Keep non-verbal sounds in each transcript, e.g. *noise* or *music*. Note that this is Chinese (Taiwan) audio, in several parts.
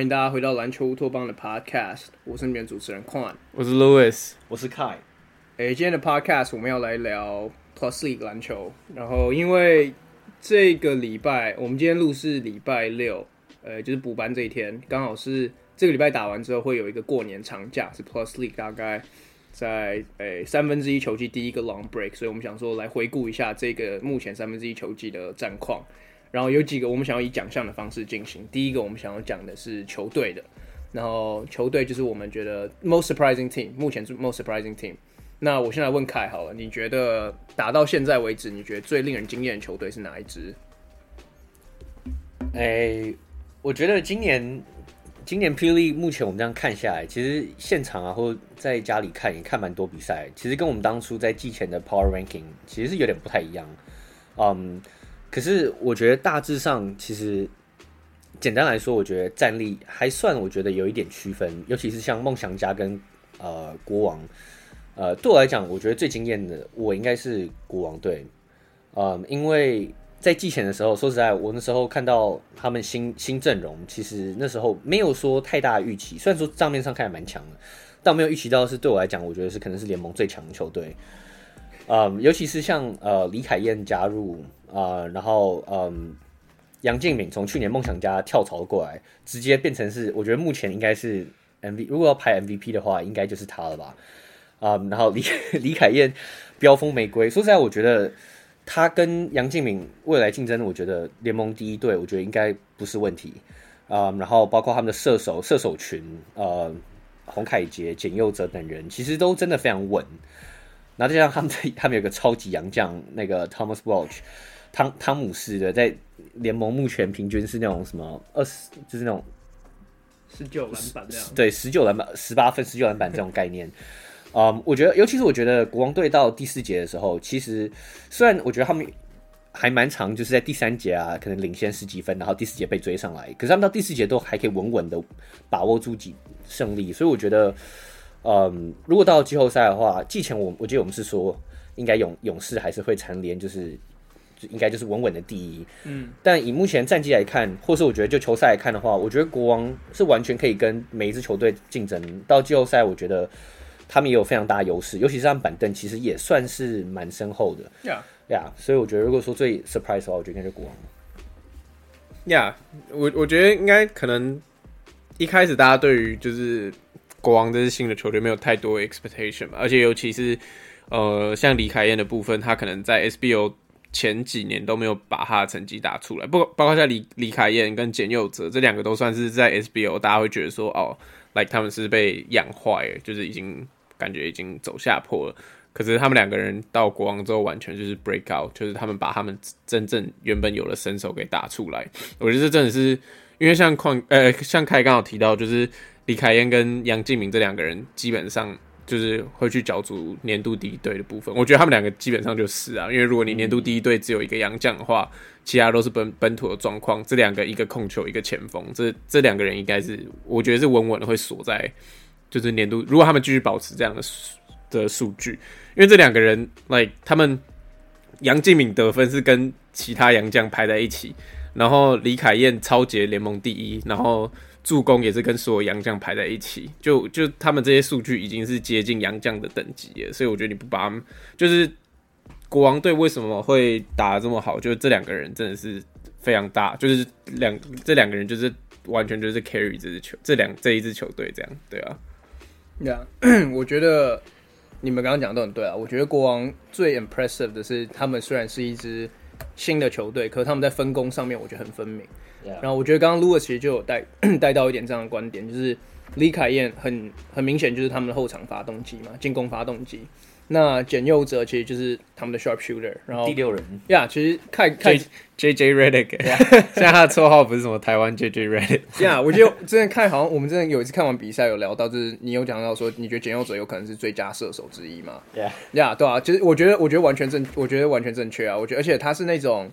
歡迎大家回到籃球烏托邦的 Podcast，我是身邊的主持人 k w a n，我是 Louis，我是 Kai。誒、哎，今天的 Podcast 我們要來聊 Plus League 籃球。然後因為這個禮拜，我們今天錄是禮拜六，呃、哎，就是補班這一天，剛好是這個禮拜打完之後會有一個過年長假，是 Plus League 大概在誒三分之一球季第一個 Long Break，所以我們想說來回顧一下這個目前三分之一球季的戰況。然後有幾個我們想要以獎項的方式進行。第一個我們想要講的是球隊的，然後球隊就是我們覺得 most surprising team，目前是 most surprising team。那我現在問凱好了，你覺得打到現在為止，你覺得最令人驚艷的球隊是哪一支？哎、欸，我覺得今年今年 P. LEAGUE 目前我們這樣看下來，其實現場啊或者在家裡看也看蠻多比賽，其實跟我們當初在季前的 power ranking 其實是有點不太一樣，嗯、um。可是我覺得大致上，其實簡單來說，我覺得戰力還算我覺得有一點區分，尤其是像夢想家跟呃國王，呃對我來講，我覺得最驚艷的我應該是國王隊，呃，因為在季前的時候，說實在，我那時候看到他們新新陣容，其實那時候沒有說太大預期，雖然說賬面上看蠻強的，但沒有預期到的是對我來講，我覺得是可能是聯盟最強的球隊。呃，尤其是像呃李凱諺加入。啊、嗯，然後嗯，楊敬敏從去年夢想家跳槽過來，直接變成是，我覺得目前應該是 m v 如果要排 MVP 的話，應該就是他了吧？啊、嗯，然後李李凱燕，飆風玫瑰。說實在，我覺得他跟楊敬敏未來競爭，我覺得聯盟第一隊，我覺得應該不是問題啊、嗯。然後包括他們的射手射手群，呃、嗯，洪凱杰、簡佑哲等人，其實都真的非常穩。然後再加上他們，他們有個超級洋將，那個 Thomas w a l c h 湯湯姆斯的在聯盟目前平均是那種什麼二十，就是那種十九籃板這樣，對，十九籃板十八分十九籃板這種概念。 *laughs* um, 我覺得，尤其是我覺得國王隊到第四節的時候，其實雖然我覺得他們還蠻常，就是在第三節啊，可能領先十幾分，然後第四節被追上來，可是他們到第四節都還可以穩穩的把握住幾勝利。所以我覺得，嗯、um,，如果到了季後賽的話，季前我我覺得我們是說應該勇勇士還是會蟬聯，就是。應該就是穩穩的第一，嗯，但以目前戰績來看，或是我覺得就球賽來看的話，我覺得國王是完全可以跟每一支球隊競爭到季後賽。我覺得他們也有非常大的優勢，尤其是那張板凳其實也算是蠻深厚的，呀、嗯、呀、yeah,，所以我覺得如果說最 surprise 的話，我覺得應該是國王，呀、yeah,，我我覺得應該可能一開始大家對於就是國王這支新的球隊沒有太多 expectation 嘛，而且尤其是呃像李凱燕的部分，他可能在 SBO。前幾年都沒有把他的成績打出來，不包括像李李愷諺跟簡祐哲這兩個都算是在 SBL，大家會覺得說哦，like 他們是被養壞了，就是已經感覺已經走下坡了。可是他們兩個人到國王之後，完全就是 break out，就是他們把他們真正原本有的身手給打出來。我覺得這真的是因為像礦呃，像凱剛好提到，就是李愷諺跟楊敬敏這兩個人基本上，就是會去角逐年度第一隊的部分，我覺得他們兩個基本上就是啊，因為如果你年度第一隊只有一個洋將的話，其他都是本本土的狀況。這兩個，一個控球，一個前鋒，這這兩個人應該是，我覺得是穩穩的會鎖在，就是年度。如果他們繼續保持這樣的的數據，因為這兩個人，來、like, 他們楊敬敏得分是跟其他洋將排在一起，然後李凱諺抄截聯盟第一，然後，助攻也是跟所有洋將排在一起，就就他們這些數據已經是接近洋將的等級了，所以我覺得你不把他們就是國王隊為什麼會打得這麼好，就是這兩個人真的是非常大，就是兩這兩個人就是完全就是 carry 這支球，這兩這一支球隊這樣，對啊，對、yeah. 啊， *coughs* 我覺得你們剛剛講的都很對啊，我覺得國王最 impressive 的是他們雖然是一支新的球隊，可是他們在分工上面我覺得很分明。Yeah. 然後我覺得剛剛 Luis 其實就有帶帶 *coughs* 到一點這樣的觀點，就是李凱燕很很明顯就是他們的後場發動機嘛，進攻發動機。那簡佑哲其實就是他們的 sharp shooter，然後第六人，呀、yeah,，其實看看 JJ Redick，、yeah. *laughs* 現在他的綽號不是什麼台灣 JJ Redick，呀，yeah, *laughs* 我覺得我真的看好像我們真的有一次看完比賽有聊到，就是你有講到說你覺得簡佑哲有可能是最佳射手之一嘛？呀，呀，對啊，其實就是我覺得我覺得完全正，我覺得完全正確啊，我覺得而且他是那種。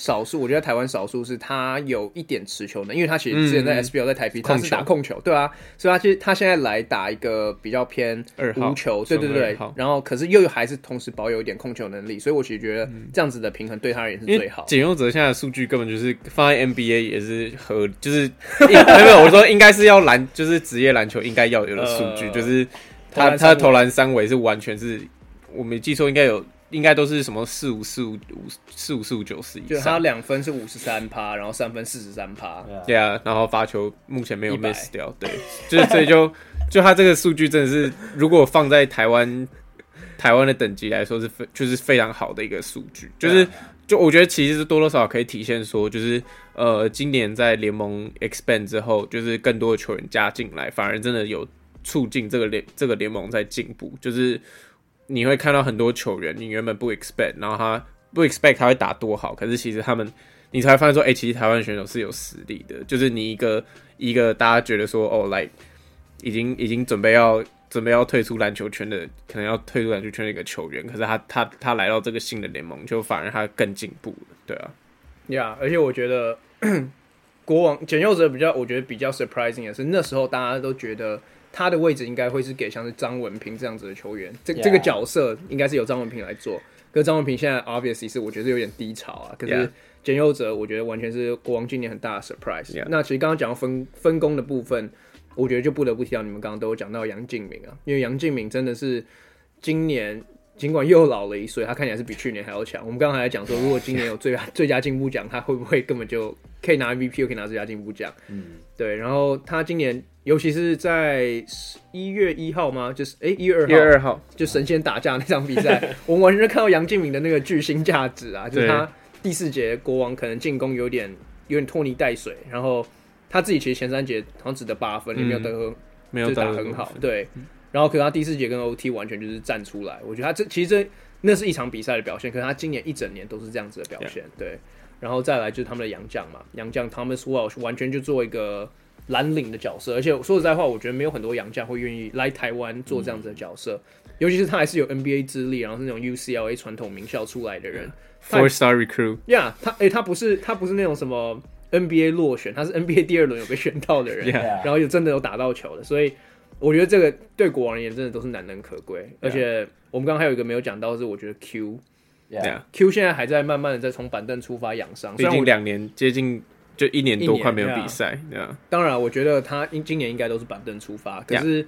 少數，我覺得台灣少數是他有一點持球能力，因為他其實之前在 SBL、嗯、在，在台啤他是打控球、嗯、控球，對啊，所以他其實他現在來打一個比較偏二號球，對對對，然後可是又還是同時保有一點控球能力，所以我其實覺得這樣子的平衡對他也是最好的。嗯、簡祐哲現在數據根本就是放在 NBA 也是合就是沒、 *laughs* 欸、沒有，我說應該是要籃就是職業籃球應該要有的數據、呃，就是他投他，他的投籃三圍是完全是，我沒記錯應該有。應該都是什麼四五四五五四五四五九四一，對，他兩分是五十三趴，然後三分四十三趴，對啊，yeah, yeah, 然後發球目前沒有 miss 掉，100. 對，就是所以就 *laughs* 就他這個數據真的是，如果放在台灣 *laughs* 台灣的等級來說是非就是非常好的一個數據，yeah. 就是就我覺得其實是多多少少可以體現說，就是呃今年在聯盟 expand 之後，就是更多的球員加進來，反而真的有促進這個聯這個聯盟在進步，就是。你會看到很多球員，你原本不 expect，然後他不 expect 他會打多好，可是其實他們，你才發現說，哎、欸，其實台灣選手是有實力的。就是你一個一個大家覺得說，哦，來、like,，已經已經準備要準備要退出籃球圈的，可能要退出籃球圈的一個球員，可是他他他來到這個新的聯盟，就反而他更進步了，對啊。呀、yeah,，而且我覺得 *coughs* 國王簡祐哲比較，我覺得比較 surprising 的是，那時候大家都覺得。他的位置應該會是給像是張文平這樣子的球員，這、yeah. 這個角色應該是由張文平來做。可是張文平現在 obviously 是我覺得是有點低潮啊。可是簡佑哲我覺得完全是國王今年很大的 surprise。Yeah. 那其實剛剛講到分分工的部分，我覺得就不得不提到你們剛剛都有講到楊敬敏啊，因為楊敬敏真的是今年儘管又老了一歲，他看起來是比去年還要強。我們剛剛還在講說，如果今年有最、yeah. 最佳進步獎，他會不會根本就可以拿 MVP，又可以拿最佳進步獎。嗯，對。然後他今年，尤其是在一月一號嗎？就是哎，欸、一月二號。一月二號，就神仙打架那場比賽，啊、 *laughs* 我們完全就看到楊敬敏的那個巨星價值啊！就是他第四節國王可能進攻有點有點拖泥帶水，然後他自己其實前三節好像只得八分、嗯，也沒有得分，沒有打很好。對、嗯，然後可能他第四節跟 OT 完全就是站出來，我覺得他這其實這那是一場比賽的表現，可是他今年一整年都是這樣子的表現。嗯、對。然後再來就是他們的洋將嘛，洋將 Thomas Welsh 完全就做一個藍領的角色，而且說實在話，我覺得沒有很多洋將會願意來台灣做這樣子的角色，嗯、尤其是他還是有 NBA 資歷，然後是那種 UCLA 傳統名校出來的人、嗯、他，Four Star Recruit，Yeah，他哎、欸、他不是他不是那種什麼 NBA 落選，他是 NBA 第二輪有被選到的人， *laughs* yeah. 然後就真的有打到球的，所以我覺得這個對國王而言真的都是難能可貴，yeah. 而且我們剛剛還有一個沒有講到是我覺得 Q。對、yeah, 啊、yeah，Q 現在還在慢慢的在從板凳出發養傷，最近兩年接近就一年多快沒有比賽。對啊，當然我覺得他今今年應該都是板凳出發，yeah. 可是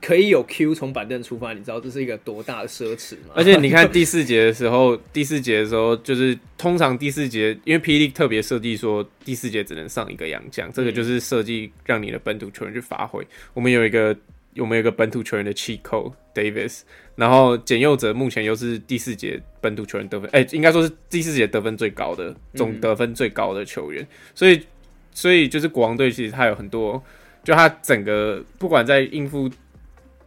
可以有 Q 從板凳出發，你知道這是一個多大的奢侈嗎？而且你看第四節的時候， *laughs* 第四節的時候就是通常第四節，因為 P. LEAGUE 特別設計說第四節只能上一個洋將，這個就是設計讓你的本土球員去發揮。我們有一個。有沒有一個本土球員的 Chico Davis，然後簡佑哲目前又是第四節本土球員得分，哎、欸，應該說是第四節得分最高的，總得分最高的球員。嗯、所以，所以就是國王隊其實他有很多，就他整個不管在應付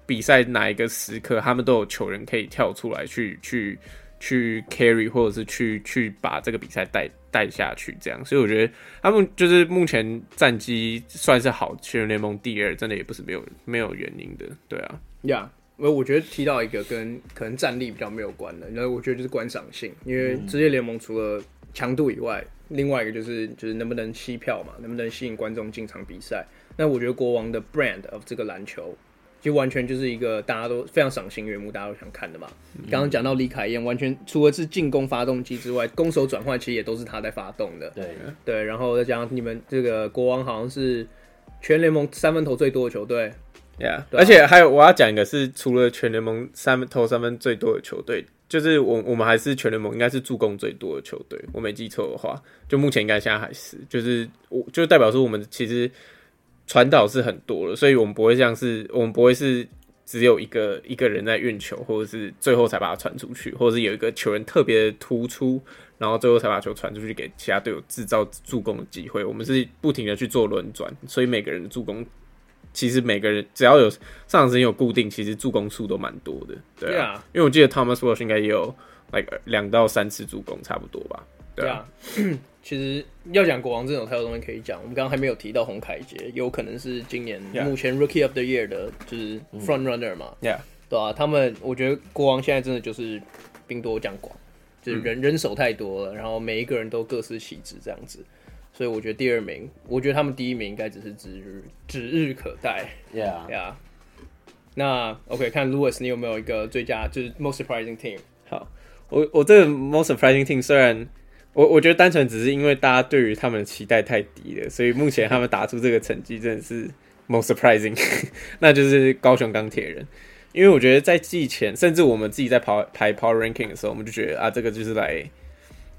比賽哪一個時刻，他們都有球員可以跳出來去去去 carry，或者是去去把這個比賽帶。帶下去這樣，所以我覺得他們就是目前戰績算是好，職業聯盟第二，真的也不是沒有沒有原因的。對啊，呀，我我覺得提到一個跟可能戰力比較沒有關的，那我覺得就是觀賞性，因為職業聯盟除了強度以外，mm. 另外一個就是就是能不能吸票嘛，能不能吸引觀眾進場比賽，那我覺得國王的 brand of 這個籃球。就完全就是一個大家都非常賞心悅目，大家都想看的嘛。剛剛講到李愷諺，完全除了是進攻發動機之外，攻守轉換其實也都是他在發動的。對對，然後再講你們這個國王好像是全聯盟三分投最多的球隊，yeah。對呀，而且還有我要講一個，是除了全聯盟三分投三分最多的球隊，就是我我們還是全聯盟應該是助攻最多的球隊。我沒記錯的話，就目前應該現在還是，就是我就代表說我們其實，傳導是很多了，所以我們不會像是我們不會是只有一個一個人在運球，或者是最後才把它傳出去，或者是有一個球員特別突出，然後最後才把球傳出去給其他隊友制造助攻的機會。我們是不停的去做輪轉，所以每個人的助攻其實每個人只要有上場時間有固定，其實助攻數都蠻多的。對啊，yeah. 因為我記得 Thomas Walsh 應該也有那個兩到三次助攻，差不多吧。對、yeah. 啊、yeah. *coughs* 其實要講國王這種太多東西可以講。我們剛剛還沒有提到洪凱傑，有可能是今年目前 Rookie of the Year 的，就是 Front Runner 嘛，mm -hmm. yeah. 對啊。他們我覺得國王現在真的就是兵多將廣，就是人、mm -hmm. 人手太多了，然後每一個人都各司其職這樣子。所以我覺得第二名，我覺得他們第一名應該只是指日，指日可待 Yeah, yeah. 那。那 OK，看 Louis，你有沒有一個最佳就是 Most Surprising Team？好，我我這個 Most Surprising Team 雖然。我我覺得單純只是因為大家對於他們的期待太低了，所以目前他們打出這個成績真的是 most surprising。 *laughs* 那就是高雄鋼鐵人，因為我覺得在季前，甚至我們自己在跑排跑 ranking 的時候，我們就覺得啊，這個就是來，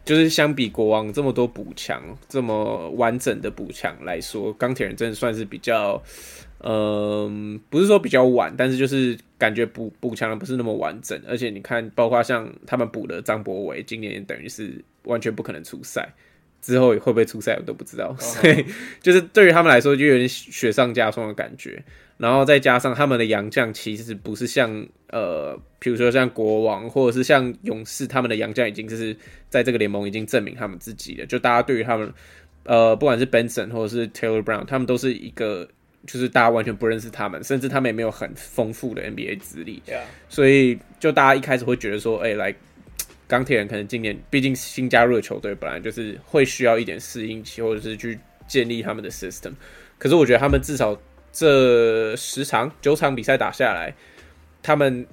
就是相比國王這麼多補強，這麼完整的補強來說，鋼鐵人真的算是比較。嗯，不是說比較晚，但是就是感覺補補強的不是那麼完整，而且你看，包括像他們補的張博偉，今年等於是完全不可能出賽，之後也會不會出賽我都不知道，所以哦哦就是對於他們來說就有點雪上加霜的感覺。然後再加上他們的洋將，其實不是像呃，比如說像國王或者是像勇士，他們的洋將已經就是在這個聯盟已經證明他們自己了，就大家對於他們呃，不管是 Benson 或者是 Taylor Brown，他們都是一個。就是大家完全不認識他們，甚至他們也沒有很豐富的 NBA 資歷，yeah. 所以就大家一開始會覺得說：“哎、欸，like 鋼鐵人可能今年畢竟新加入的球隊，本來就是會需要一點適應期，或者是去建立他們的 system。”可是我覺得他們至少這十場九場比賽打下來，他們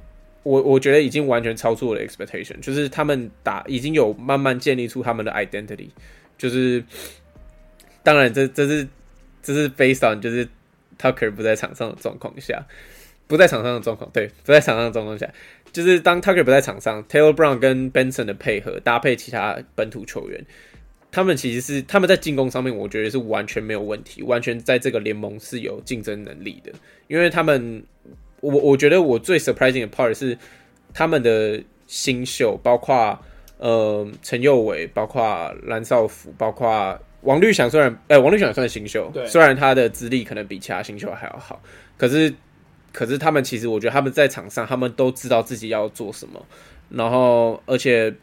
我我覺得已經完全超出我的 expectation，就是他們打已經有慢慢建立出他們的 identity，就是當然這這是這是 based on 就是。Tucker 不在場上的狀況下，不在場上的狀況，對，不在場上的狀況下，就是當 Tucker 不在場上，Taylor Brown 跟 Benson 的配合搭配其他本土球員，他們其實是他們在進攻上面，我覺得是完全沒有問題，完全在這個聯盟是有競爭能力的。因為他們，我我覺得我最 surprising 的 part 是他們的新秀，包括呃陳佑偉，包括藍少福，包括。王律翔，雖然，哎、欸，王律翔也算新秀，雖然他的資歷可能比其他新秀還要好，好，可是，可是他們其實，我覺得他們在場上，他們都知道自己要做什麼，然後，而且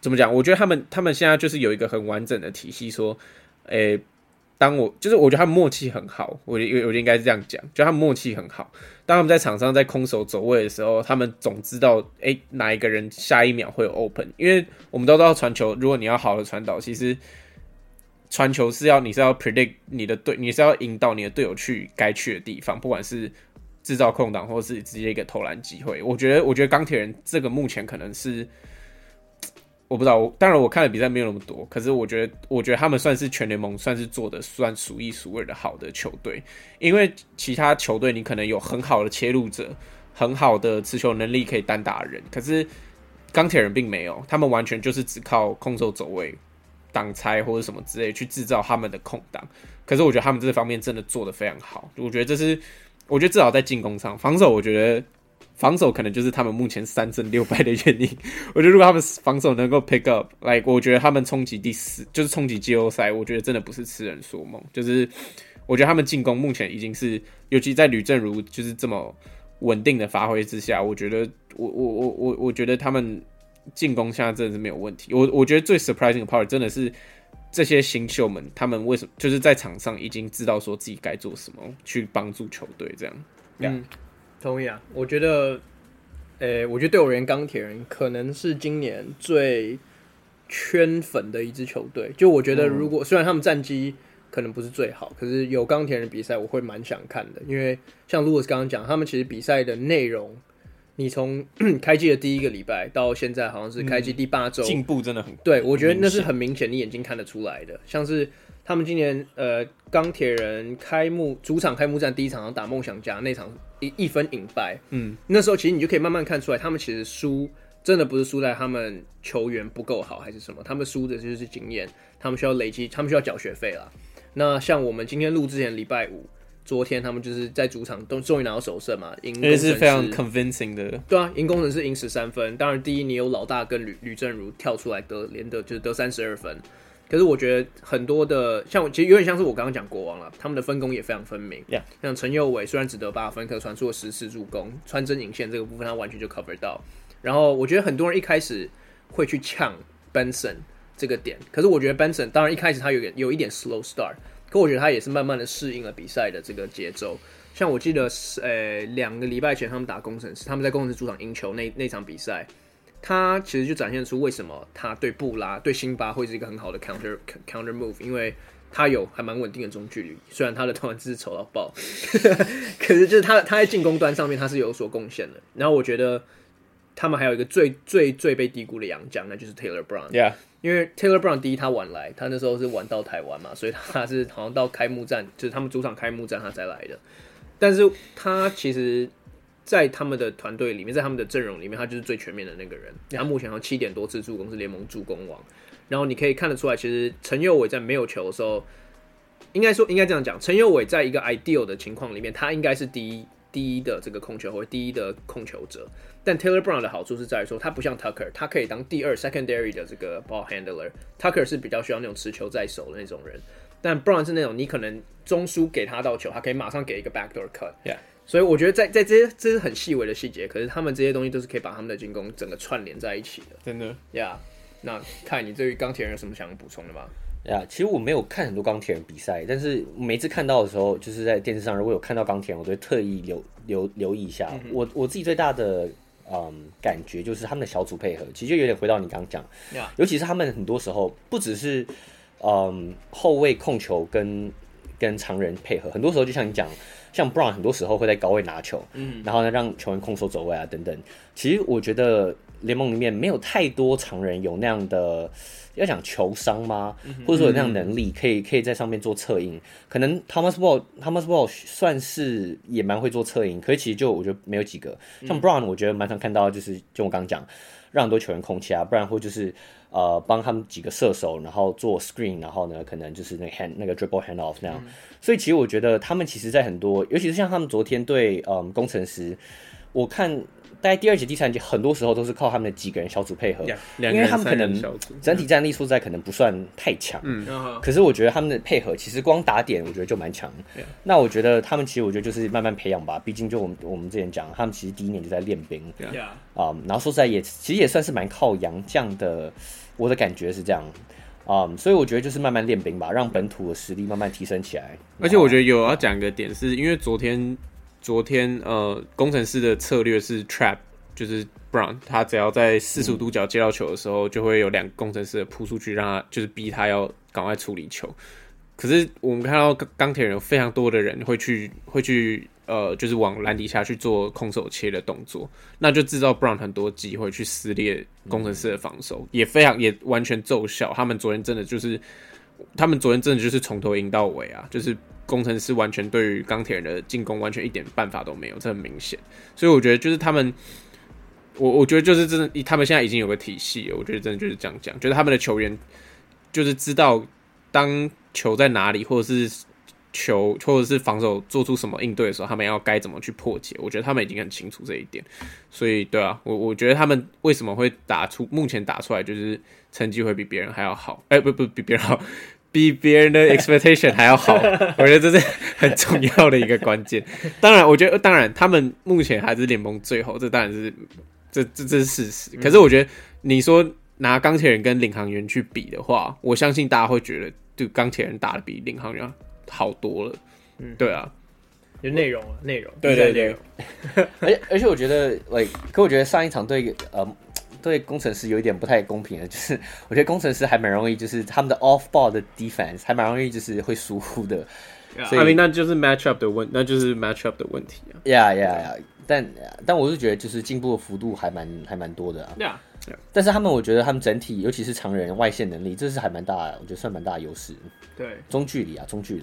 怎麼講？我覺得他們，他們現在就是有一個很完整的體系，說，哎、欸，當我就是我覺得他們默契很好，我就我就應該是這樣講，就他們默契很好。當他們在場上在空手走位的時候，他們總知道，哎、欸，哪一個人下一秒會 open，因為我們都知道傳球，如果你要好的傳導，其實。傳球是要你是要 predict 你的隊，你是要引導你的隊友去該去的地方，不管是製造空檔或是直接一個投籃機會。我覺得，我覺得鋼鐵人這個目前可能是我不知道，我當然我看的比賽沒有那麼多，可是我覺得，我覺得他們算是全聯盟算是做的算數一數二的好的球隊，因為其他球隊你可能有很好的切入者，很好的持球能力可以單打人，可是鋼鐵人並沒有，他們完全就是只靠空手走位，擋拆或者什麼之類去制造他們的空檔，可是我覺得他們這方面真的做得非常好。我覺得這是，我覺得至少在進攻上，防守我覺得，防守可能就是他們目前三勝六敗的原因。我覺得如果他們防守能夠 pick up 來，like，我覺得他們衝擊第四就是衝擊季後賽，我覺得真的不是痴人說夢。就是我覺得他們進攻目前已經是，尤其在呂正如就是這麼穩定的發揮之下，我覺得我我我我我覺得他們。進攻現在真的是沒有問題。我我覺得最 surprising 的 part 真的是這些新秀們，他們為什麼就是在場上已經知道說自己該做什麼，去幫助球隊這樣。嗯，yeah. 同意啊。我覺得，誒、欸，我覺得對我而言鋼鐵人可能是今年最圈粉的一支球隊。就我覺得，如果、嗯、雖然他們戰績可能不是最好，可是有鋼鐵人比賽，我會蠻想看的。因為像如果是剛剛講，他們其實比賽的內容。你從 *coughs* 開機的第一個禮拜到現在，好像是開機第八周，進、嗯、步真的很快。對，我覺得那是很明顯，你眼睛看得出來的。像是他們今年呃鋼鐵人開幕主場開幕戰第一場然後，打夢想家那場一一分飲敗，嗯，那時候其實你就可以慢慢看出來，他們其實輸真的不是輸在他們球員不夠好還是什麼，他們輸的就是經驗，他們需要累積，他們需要繳學費啦。那像我們今天錄之前禮拜五。昨天他們就是在主場都終於拿到首勝嘛，贏攻城獅是非常 convincing 的，對啊，贏攻城獅是贏十三分。當然，第一你有老大跟呂呂正如跳出來得連得就是得三十二分。可是我覺得很多的像其實有點像是我剛剛講國王了，他們的分工也非常分明。Yeah. 像陳佑偉雖然只得八分，可傳出了十次助攻，穿針引線這個部分他完全就 cover 到。然後我覺得很多人一開始會去嗆 Benson 這個點，可是我覺得 Benson 當然一開始他有有一點 slow start。可我覺得他也是慢慢的適應了比賽的這個節奏。像我記得是，呃、欸，兩個禮拜前他們打工程師，他們在工程師主場贏球那那場比賽，他其實就展現出為什麼他對布拉對辛巴會是一個很好的 counter counter move，因為他有還蠻穩定的中距離，雖然他的投籃姿勢醜到爆，可是就是他他在進攻端上面他是有所貢獻的。然後我覺得他們還有一個最最最被低估的洋將，那就是 Taylor Brown。Yeah. 因為 Taylor Brown 第一，他晚來，他那時候是晚到台灣嘛，所以他是好像到開幕戰，就是他們主場開幕戰他才來的。但是他其實，在他們的團隊裡面，在他們的陣容裡面，他就是最全面的那個人。他目前好像七點多次助攻，是聯盟助攻王。然後你可以看得出來，其實陳佑偉在沒有球的時候，應該說應該這樣講，陳佑偉在一個 ideal 的情況裡面，他應該是第一。第一的這個控球，或者第一的控球者，但 Taylor Brown 的好處是在於說，他不像 Tucker，他可以當第二 secondary 的這個 ball handler。Tucker 是比較需要那種持球在手的那種人，但 Brown 是那種你可能中樞給他到球，他可以馬上給一個 backdoor cut。Yeah，所以我覺得在在這些這些很細微的細節，可是他們這些東西都是可以把他們的進攻整個串聯在一起的，真的。Yeah，那看你對於鋼鐵人有什麼想補充的嗎？哎呀，其實我沒有看很多鋼鐵人比賽，但是每一次看到的時候，就是在電視上，如果有看到鋼鐵人，我會特意留留留意一下。Mm -hmm. 我我自己最大的嗯感覺就是他們的小組配合，其實就有點回到你剛剛講，yeah. 尤其是他們很多時候不只是嗯後衛控球跟跟常人配合，很多時候就像你講，像布朗很多時候會在高位拿球，嗯、mm -hmm.，然後呢讓球員空手走位啊等等。其實我覺得。聯盟裡面沒有太多常人有那樣的，要想球商嗎、嗯？或者說有那樣能力，嗯、可以可以在上面做策應、嗯。可能 Thomas Walsh，Thomas Walsh 算是也蠻會做策應，可是其實就我覺得沒有幾個。嗯、像 Brown，我覺得蠻常看到、就是，就是就我剛剛講，讓很多球員空切啊，不然或就是呃幫他們幾個射手，然後做 screen，然後呢可能就是那個 hand 那個 dribble handoff 那樣、嗯。所以其實我覺得他們其實在很多，尤其是像他們昨天對嗯工程師，我看。在第二集、第三集，很多時候都是靠他們的幾個人小組配合，yeah, 因為他們可能整體戰力說實在可能不算太強。嗯，可是我覺得他們的配合，其實光打點，我覺得就蠻強。Yeah. 那我覺得他們其實，我覺得就是慢慢培養吧。畢竟，就我們我們之前講，他們其實第一年就在練兵。對、yeah. 啊、嗯，然後說實在也，其實也算是蠻靠洋將的。我的感覺是這樣啊、嗯，所以我覺得就是慢慢練兵吧，讓本土的實力慢慢提升起來。而且我覺得有要講一個點是，是因為昨天。昨天，呃，工程師的策略是 trap，就是 Brown，他只要在四十五度角接到球的時候，就會有兩個工程師撲出去，讓他就是逼他要趕快處理球。可是我們看到鋼鐵人有非常多的人會去，會去，呃，就是往籃底下去做空手切的動作，那就制造 Brown 很多機會去撕裂工程師的防守，嗯、也非常也完全奏效。他們昨天真的就是，他們昨天真的就是從頭贏到尾啊，就是。攻城獅完全對於鋼鐵人的進攻完全一點辦法都沒有，這很明顯。所以我覺得就是他們，我我覺得就是真的，他們現在已經有個體系。我覺得真的就是這樣講，覺得他們的球員就是知道當球在哪裡，或者是球或者是防守做出什麼應對的時候，他們要該怎麼去破解。我覺得他們已經很清楚這一點。所以對啊，我我覺得他們為什麼會打出目前打出來就是成績會比別人還要好？哎、欸，不不比別人好。比別人的 expectation 還要好， *laughs* 我覺得這是很重要的一個關鍵。當然，我覺得當然他們目前還是聯盟最後，這當然是這這這，這是事實。可是我覺得你說拿鋼鐵人跟領航員去比的話，我相信大家會覺得，就鋼鐵人打的比領航員好多了。嗯，對啊，有內容啊、內容，對對對，對，對。 *laughs* 而且而且我覺得，喂、like,，可我覺得上一場對呃。Um, 對攻城獅有一點不太公平的，就是我覺得攻城獅還蠻容易，就是他們的 off ball 的 defense 還蠻容易，就是會疏忽的。所以那就是 match up 的問，那就是 match up 的問題呀 Yeah, yeah, yeah. 但但我是覺得，就是進步的幅度還蠻還蠻多的啊。Yeah. yeah. 但是他們，我覺得他們整體，尤其是長人外線能力，這是還蠻大的，我覺得算蠻大的優勢。對，中距離啊，中距離。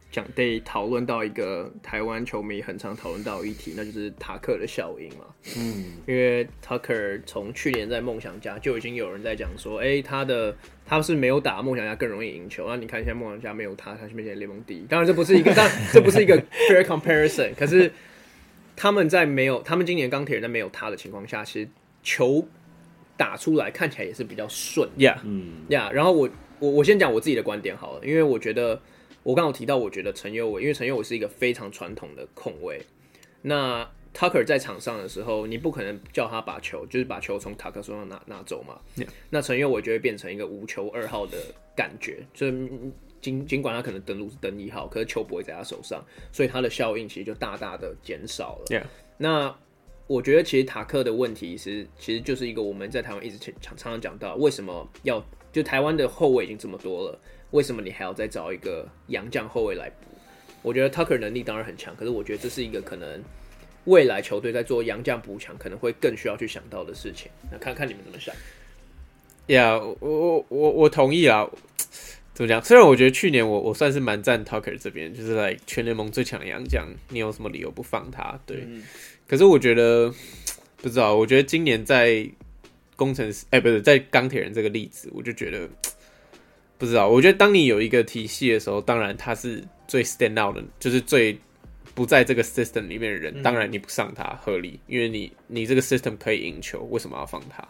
講得討論到一個台灣球迷很常討論到一題，那就是塔克的效應嘛。嗯，因為 Tucker 從去年在夢想家就已經有人在講說，哎、欸，他的他是沒有打夢想家更容易贏球。那你看現在夢想家沒有他，他是現在聯盟第一。當然這不是一個，當 *laughs* 然這不是一個 fair comparison。可是他們在沒有他們今年鋼鐵人在沒有他的情況下，其實球打出來看起來也是比較順呀，嗯呀。Yeah, 然後我我我先講我自己的觀點好了，因為我覺得。我剛剛提到，我覺得陳又瑋，因為陳又瑋是一個非常傳統的控衛。那 Tucker 在場上的時候，你不可能叫他把球，就是把球從塔克手上拿拿走嘛。Yeah. 那陳又瑋就會變成一個無球二號的感覺。所以，儘儘管他可能登錄是登一號，可是球不會在他手上，所以他的效應其實就大大的減少了。Yeah. 那我覺得，其實塔克的問題，是，其實就是一個我們在台灣一直常常常講到，為什麼要就台灣的後衛已經這麼多了。為什麼你還要再找一個洋將後衛來補？我覺得 Tucker 能力當然很強，可是我覺得這是一個可能未來球隊在做洋將補強可能會更需要去想到的事情。那看看你們怎麼想？Yeah, 我我我，我同意啦。怎麼講？雖然我覺得去年我我算是蠻讚 Tucker 這邊，就是來、like、全聯盟最強的洋將，你有什麼理由不放他？對。嗯、可是我覺得不知道，我覺得今年在工程師哎，欸、不是在鋼鐵人這個例子，我就覺得。不知道，我覺得當你有一個體系的時候，當然他是最 stand out 的，就是最不在這個 system 裡面的人，嗯、當然你不上他合理，因為你你這個 system 可以贏球，為什麼要放他？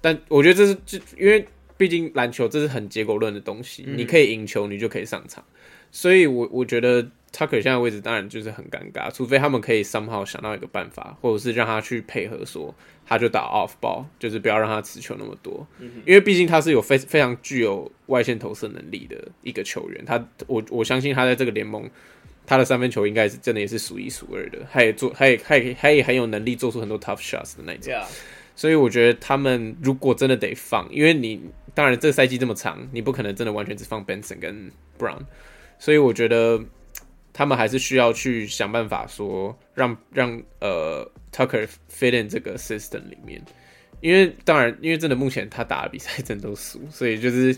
但我覺得這是這，因為畢竟籃球這是很結果論的東西，嗯、你可以贏球，你就可以上場，所以我我覺得。Tucker 現在的位置當然就是很尷尬，除非他們可以 somehow 想到一個辦法，或者是讓他去配合說，說他就打 off ball，就是不要讓他持球那麼多。嗯、因為畢竟他是有非非常具有外線投射能力的一個球員，他我我相信他在這個聯盟，他的三分球應該是真的也是數一數二的，他也做，他也他也他也很有能力做出很多 tough shots 的那一種、嗯。所以我覺得他們如果真的得放，因為你當然這賽季這麼長，你不可能真的完全只放 Benson 跟 Brown，所以我覺得。他們還是需要去想辦法說讓讓呃 Tucker fit in 這個 system 裡面，因為當然，因為真的目前他打的比賽真的都輸，所以就是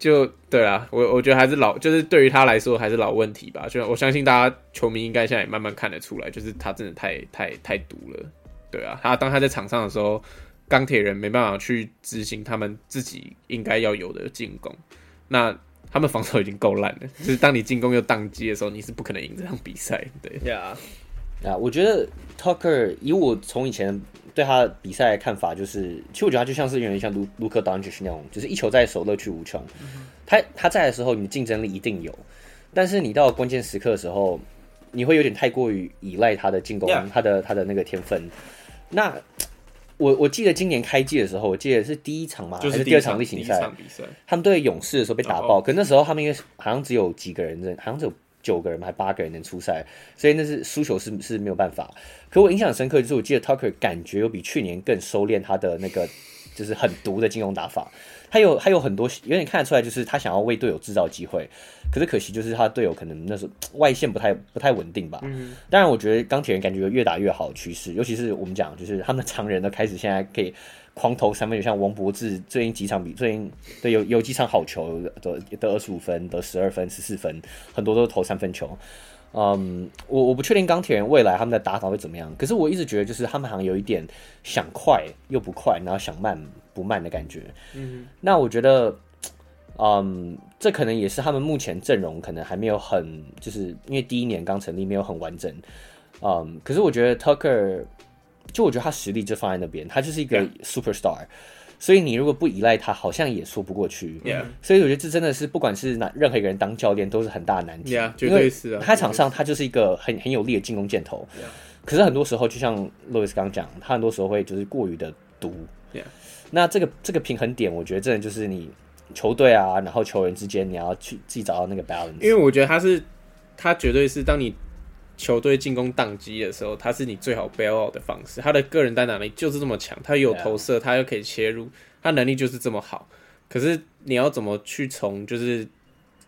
就對啊，我我覺得還是老，就是對於他來說還是老問題吧。就我相信大家球迷應該現在也慢慢看得出來，就是他真的太太太毒了。對啊，他當他在場上的時候，鋼鐵人沒辦法去執行他們自己應該要有的進攻，那。他們防守已經夠爛了，就是當你進攻又宕機的時候，你是不可能贏這場比賽，對。對啊，我覺得 Tucker，以我從以前對他比賽的看法，就是其實我覺得他就像是有點像盧盧克·丹奇那種，就是一球在手，樂趣無窮。Mm -hmm. 他他在的時候，你的競爭力一定有，但是你到關鍵時刻的時候，你會有點太過於依賴他的進攻，yeah. 他的他的那個天分，那。我我記得今年開季的時候，我記得是第一場嘛，就是第一場還是第二場例行賽，他們對勇士的時候被打爆。Oh. 可那時候他們因為好像只有幾個人，好像只有九個人還八個人能出賽，所以那是輸球是是沒有辦法。可我印象深刻就是，我記得 Tucker 感覺有比去年更收斂他的那個就是很毒的金融打法，他有他有很多有點看得出來，就是他想要為隊友制造機會。可是可惜，就是他隊友可能那時候外線不太不太穩定吧。嗯，當然，我覺得鋼鐵人感覺越打越好的趨勢，尤其是我們講，就是他們長人都開始，現在可以狂投三分球，像王柏智最近幾場比最近對有有幾場好球，得得二十五分，得十二分，十四分，很多都投三分球。嗯、um,，我我不確定鋼鐵人未來他們的打法會怎麼樣，可是我一直覺得就是他們好像有一點想快又不快，然後想慢不慢的感覺。嗯，那我覺得，嗯。這可能也是他們目前陣容可能還沒有很，就是因為第一年剛成立，沒有很完整。嗯，可是我覺得 Tucker，就我覺得他實力就放在那邊，他就是一個 superstar。Yeah. 所以你如果不依賴他，好像也說不過去。Yeah. 所以我覺得這真的是，不管是哪任何一個人當教練都是很大的難題 yeah, 絕對是。啊，因為他在場上他就是一個很，啊，很有力的進攻箭頭。Yeah. 可是很多時候，就像 Louis 剛講，他很多時候會就是過於的獨。Yeah. 那這個這個平衡點，我覺得真的就是你。球隊啊，然後球員之間，你要去自己找到那個 balance。因為我覺得他是，他絕對是當你球隊進攻宕機的時候，他是你最好 bail out 的方式。他的個人單打能力就是這麼強，他有投射、啊，他又可以切入，他能力就是這麼好。可是你要怎麼去從就是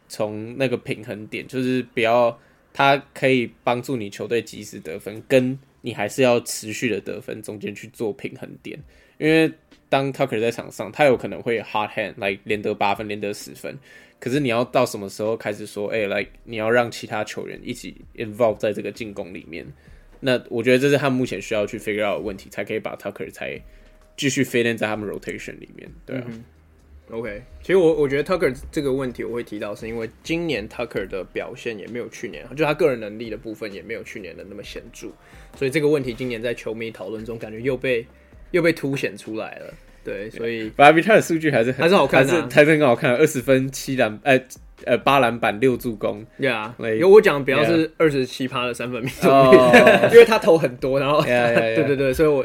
從那個平衡點，就是不要他可以幫助你球隊及時得分，跟你還是要持續的得分中間去做平衡點，因為。當 Tucker 在場上，他有可能會 hot hand，來、like, 連得八分、連得十分。可是你要到什麼時候開始說，哎、欸，來、like,，你要讓其他球員一起 involve 在這個進攻裡面？那我覺得這是他目前需要去 figure out 的問題，才可以把 Tucker 才繼續 fit in 在他們 rotation 裡面。對啊、mm -hmm.，OK，啊其實我我覺得 Tucker 這個問題我會提到，是因為今年 Tucker 的表現也沒有去年，就他個人能力的部分也沒有去年的那麼顯著，所以這個問題今年在球迷討論中感覺又被。又被凸顯出來了，對，所以 Bobby t a 的數據還是很還是好看、啊，還是還是很好看、啊，二十分七籃、哎，呃八籃板六助攻，對，因為我講的比較是二十七趴的三分命中率，oh. *laughs* oh. 因為他投很多，然後 yeah, yeah, yeah. 對對對，所以我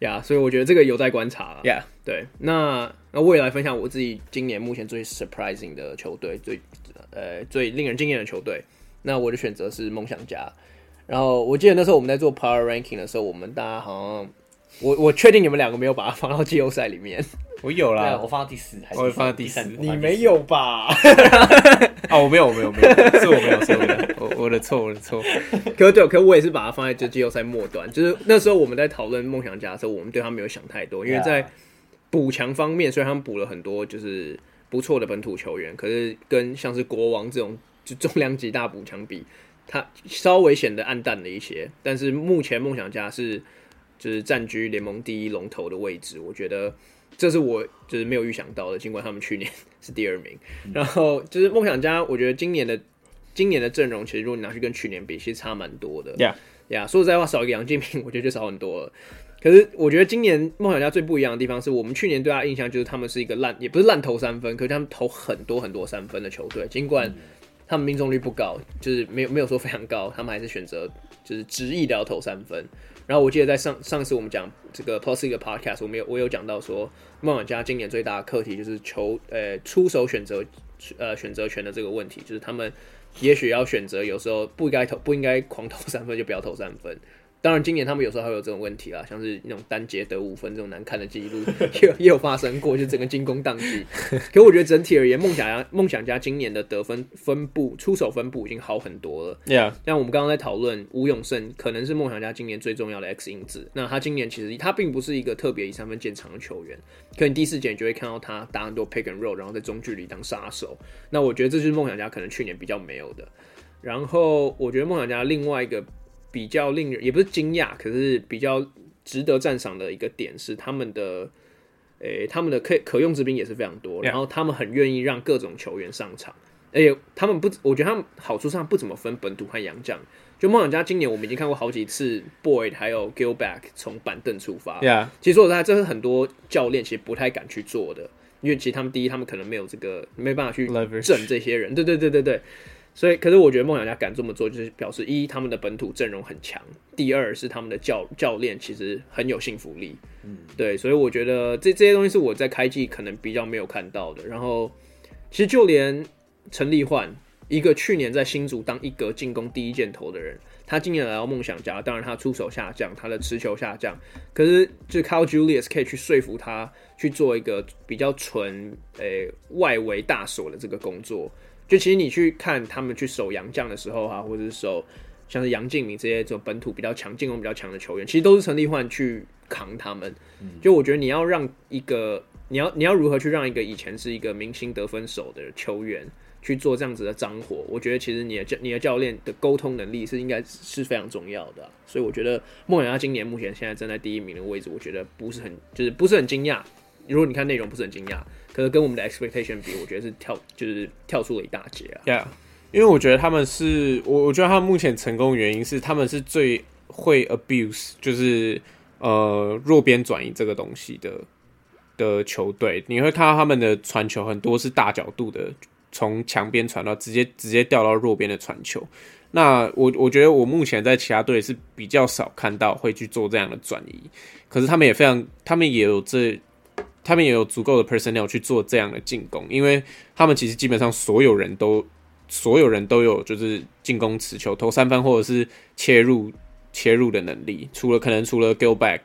呀，yeah, 所以我覺得這個有待觀察、啊，yeah. 對。那那我也來分享我自己今年目前最 surprising 的球隊，最呃最令人驚豔的球隊，那我的選擇是夢想家。然後我記得那時候我們在做 Power Ranking 的時候，我們大家好像。我我確定你們兩個沒有把它放到季後賽裡面，我有啦，啊、我放到第四，還是是我到第四第，我放到第四，你沒有吧？ *laughs* *laughs* 啊我，我沒有，我沒有，是我沒有，是我沒有，我我的錯，我的錯。的 *laughs* 可對，可我也是把它放在這季後賽末端， *laughs* 就是那時候我們在討論夢想家的時候，我們對他沒有想太多，因為在補強方面，雖然他們補了很多就是不錯的本土球員，可是跟像是國王這種就重量級大補強比，他稍微顯得黯淡了一些。但是目前夢想家是。就是佔據聯盟第一龍頭的位置，我覺得這是我就是沒有預想到的。儘管他們去年是第二名，嗯、然後就是夢想家，我覺得今年的今年的陣容其實如果你拿去跟去年比，其實差蠻多的。呀呀，說實在話，少一個楊敬敏，我覺得就少很多了。可是我覺得今年夢想家最不一樣的地方是，我們去年對他印象就是他們是一個爛也不是爛投三分，可是他們投很多很多三分的球隊。儘管他們命中率不高，就是沒有沒有說非常高，他們還是選擇就是執意的要投三分。然後我記得在上上次我們講這個 Plus 一個 Podcast，我們有我有講到說，夢想家今年最大的課題就是求呃，出手選擇，呃，選擇權的這個問題，就是他們也許要選擇，有時候不應該投，不應該狂投三分就不要投三分。當然，今年他們有時候還會有這種問題啦，像是那種單節得五分這種難看的記錄 *laughs* 也也有發生過，就整個進攻宕機。 *laughs* 可我覺得整體而言，夢想家夢想家今年的得分分布、出手分布已經好很多了。Yeah，像我們剛剛在討論吳永勝，可能是夢想家今年最重要的 X 因子。那他今年其實他並不是一個特別以三分見長的球員，可你第四節你就會看到他打很多 pick and roll，然後在中距離當殺手。那我覺得這就是夢想家可能去年比較沒有的。然後我覺得夢想家另外一個。比較令人也不是驚訝，可是比較值得讚賞的一個點是，他們的、欸，他們的可可用之兵也是非常多，yeah. 然後他們很願意讓各種球員上場，而、欸、他們不，我覺得他們好處上不怎麼分本土和洋將。就夢想家今年我們已經看過好幾次，Boyd 還有 Gilbeck 從板凳出發，yeah. 其實說實在，這是很多教練其實不太敢去做的，因為其實他們第一，他們可能沒有這個沒辦法去整這些人，Leverage. 對對對對對。所以，可是我覺得夢想家敢這麼做，就是表示一，他們的本土陣容很強，第二是他們的教教練其實很有信服力，嗯，對，所以我覺得這這些東西是我在開季可能比較沒有看到的。然後，其實就連陳立煥，一個去年在新竹當一個進攻第一箭頭的人，他今年來到夢想家，當然他出手下降，他的持球下降，可是就靠 Julius 可以去說服他去做一個比較純誒、欸、外圍大鎖的這個工作。就其實你去看他們去守洋將的時候哈、啊，或者是守像是楊敬明這些就本土比較強，進攻比較強的球員，其實都是陳立煥去扛他們。就我覺得你要讓一個，你要你要如何去讓一個以前是一個明星得分手的球員去做這樣子的髒活？我覺得其實你的教你的教練的溝通能力是應該是非常重要的、啊。所以我覺得夢想家今年目前現在站在第一名的位置，我覺得不是很就是不是很驚訝。如果你看內容不是很驚訝。可是跟我們的 expectation 比，我覺得是跳，就是跳出了一大截啊。對啊，因為我覺得他們是，我我覺得他們目前成功的原因是他們是最會 abuse 就是呃弱邊轉移這個東西的的球隊。你會看到他們的傳球很多是大角度的，從強邊傳到直接直接掉到弱邊的傳球。那我我覺得我目前在其他隊是比較少看到會去做這樣的轉移，可是他們也非常，他們也有這。他們也有足夠的 personnel 去做這樣的進攻，因為他們其實基本上所有人都所有人都有就是進攻持球、投三分或者是切入切入的能力。除了可能除了 Gillback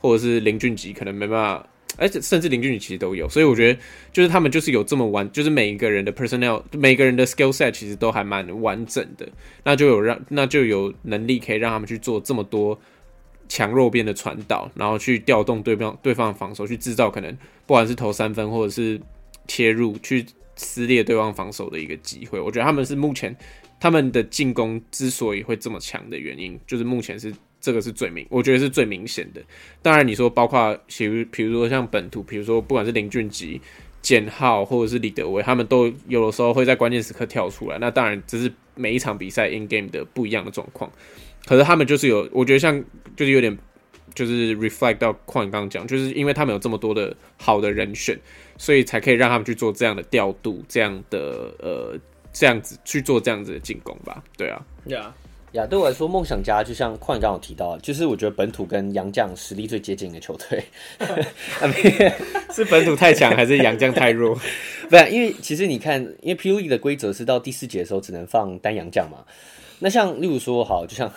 或者是林俊吉可能沒辦法，而、欸、且甚至林俊吉其實都有。所以我覺得就是他們就是有這麼完，就是每一個人的 personnel 每個人的 skill set 其實都還蠻完整的，那就有讓那就有能力可以讓他們去做這麼多。強弱邊的傳導，然後去調動對方對方防守，去製造可能不管是投三分或者是切入，去撕裂對方防守的一個機會。我覺得他們是目前他們的進攻之所以會這麼強的原因，就是目前是這個是最明，我覺得是最明顯的。當然，你說包括比如比如說像本土，比如說不管是林俊吉、簡浩或者是李德威他們都有的時候會在關鍵時刻跳出來。那當然，這是每一場比賽 in game 的不一樣的狀況。可是他們就是有，我覺得像就是有點，就是 reflect 到礦剛講，就是因為他們有這麼多的好的人選，所以才可以讓他們去做這樣的調度，這樣的呃，這樣子去做這樣子的進攻吧？對啊，對啊，呀，對我來說，夢想家就像礦剛有提到，就是我覺得本土跟洋將實力最接近的球隊， *laughs* *laughs* *laughs* 是本土太強還是洋將太弱？不 *laughs* 然、 *laughs* 啊、因為其實你看，因為 P. LEAGUE 的規則是到第四節的時候只能放單洋將嘛，那像例如說，哈，就像。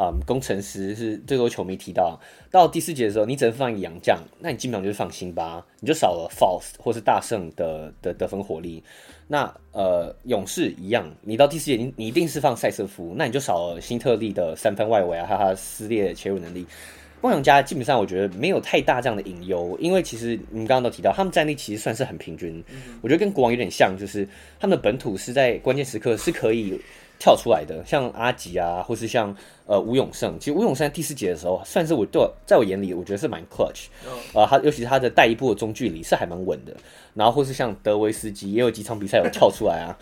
啊、um,，攻城獅是最多球迷提到，到第四節的時候，你只能放一個洋將，那你基本上就是放辛巴，你就少了 False 或是大聖的的得分火力。那呃，勇士一樣，你到第四節你你一定是放賽瑟夫，那你就少了新特利的三分外圍啊，哈哈，撕裂的切入能力。夢想家基本上我覺得沒有太大這樣的隱憂，因為其實你剛剛都提到，他們戰力其實算是很平均嗯嗯。我覺得跟國王有點像，就是他們的本土是在關鍵時刻是可以跳出來的，像阿吉啊，或是像呃吳永盛。其實吳永盛在第四節的時候，算是我對我在我眼裡我覺得是蠻 clutch，、嗯、呃，他尤其他的帶一步的中距離是還蠻穩的。然後或是像德維斯基，也有幾場比賽有跳出來啊，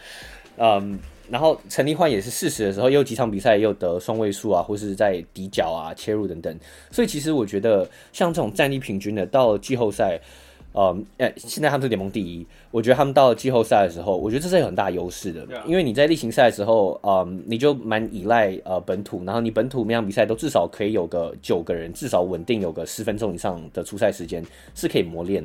嗯、 *laughs* um,。然後陳立煥也是四十的時候，又幾場比賽又得雙位數啊，或是在底角啊、切入等等。所以其實我覺得像這種戰力平均的到了季後賽，嗯，哎、欸，現在他們是聯盟第一，我覺得他們到了季後賽的時候，我覺得這是有很大優勢的。因為你在例行賽的時候啊、嗯，你就蠻依賴呃本土，然後你本土每場比賽都至少可以有個九個人，至少穩定有個十分鐘以上的出賽時間，是可以磨練。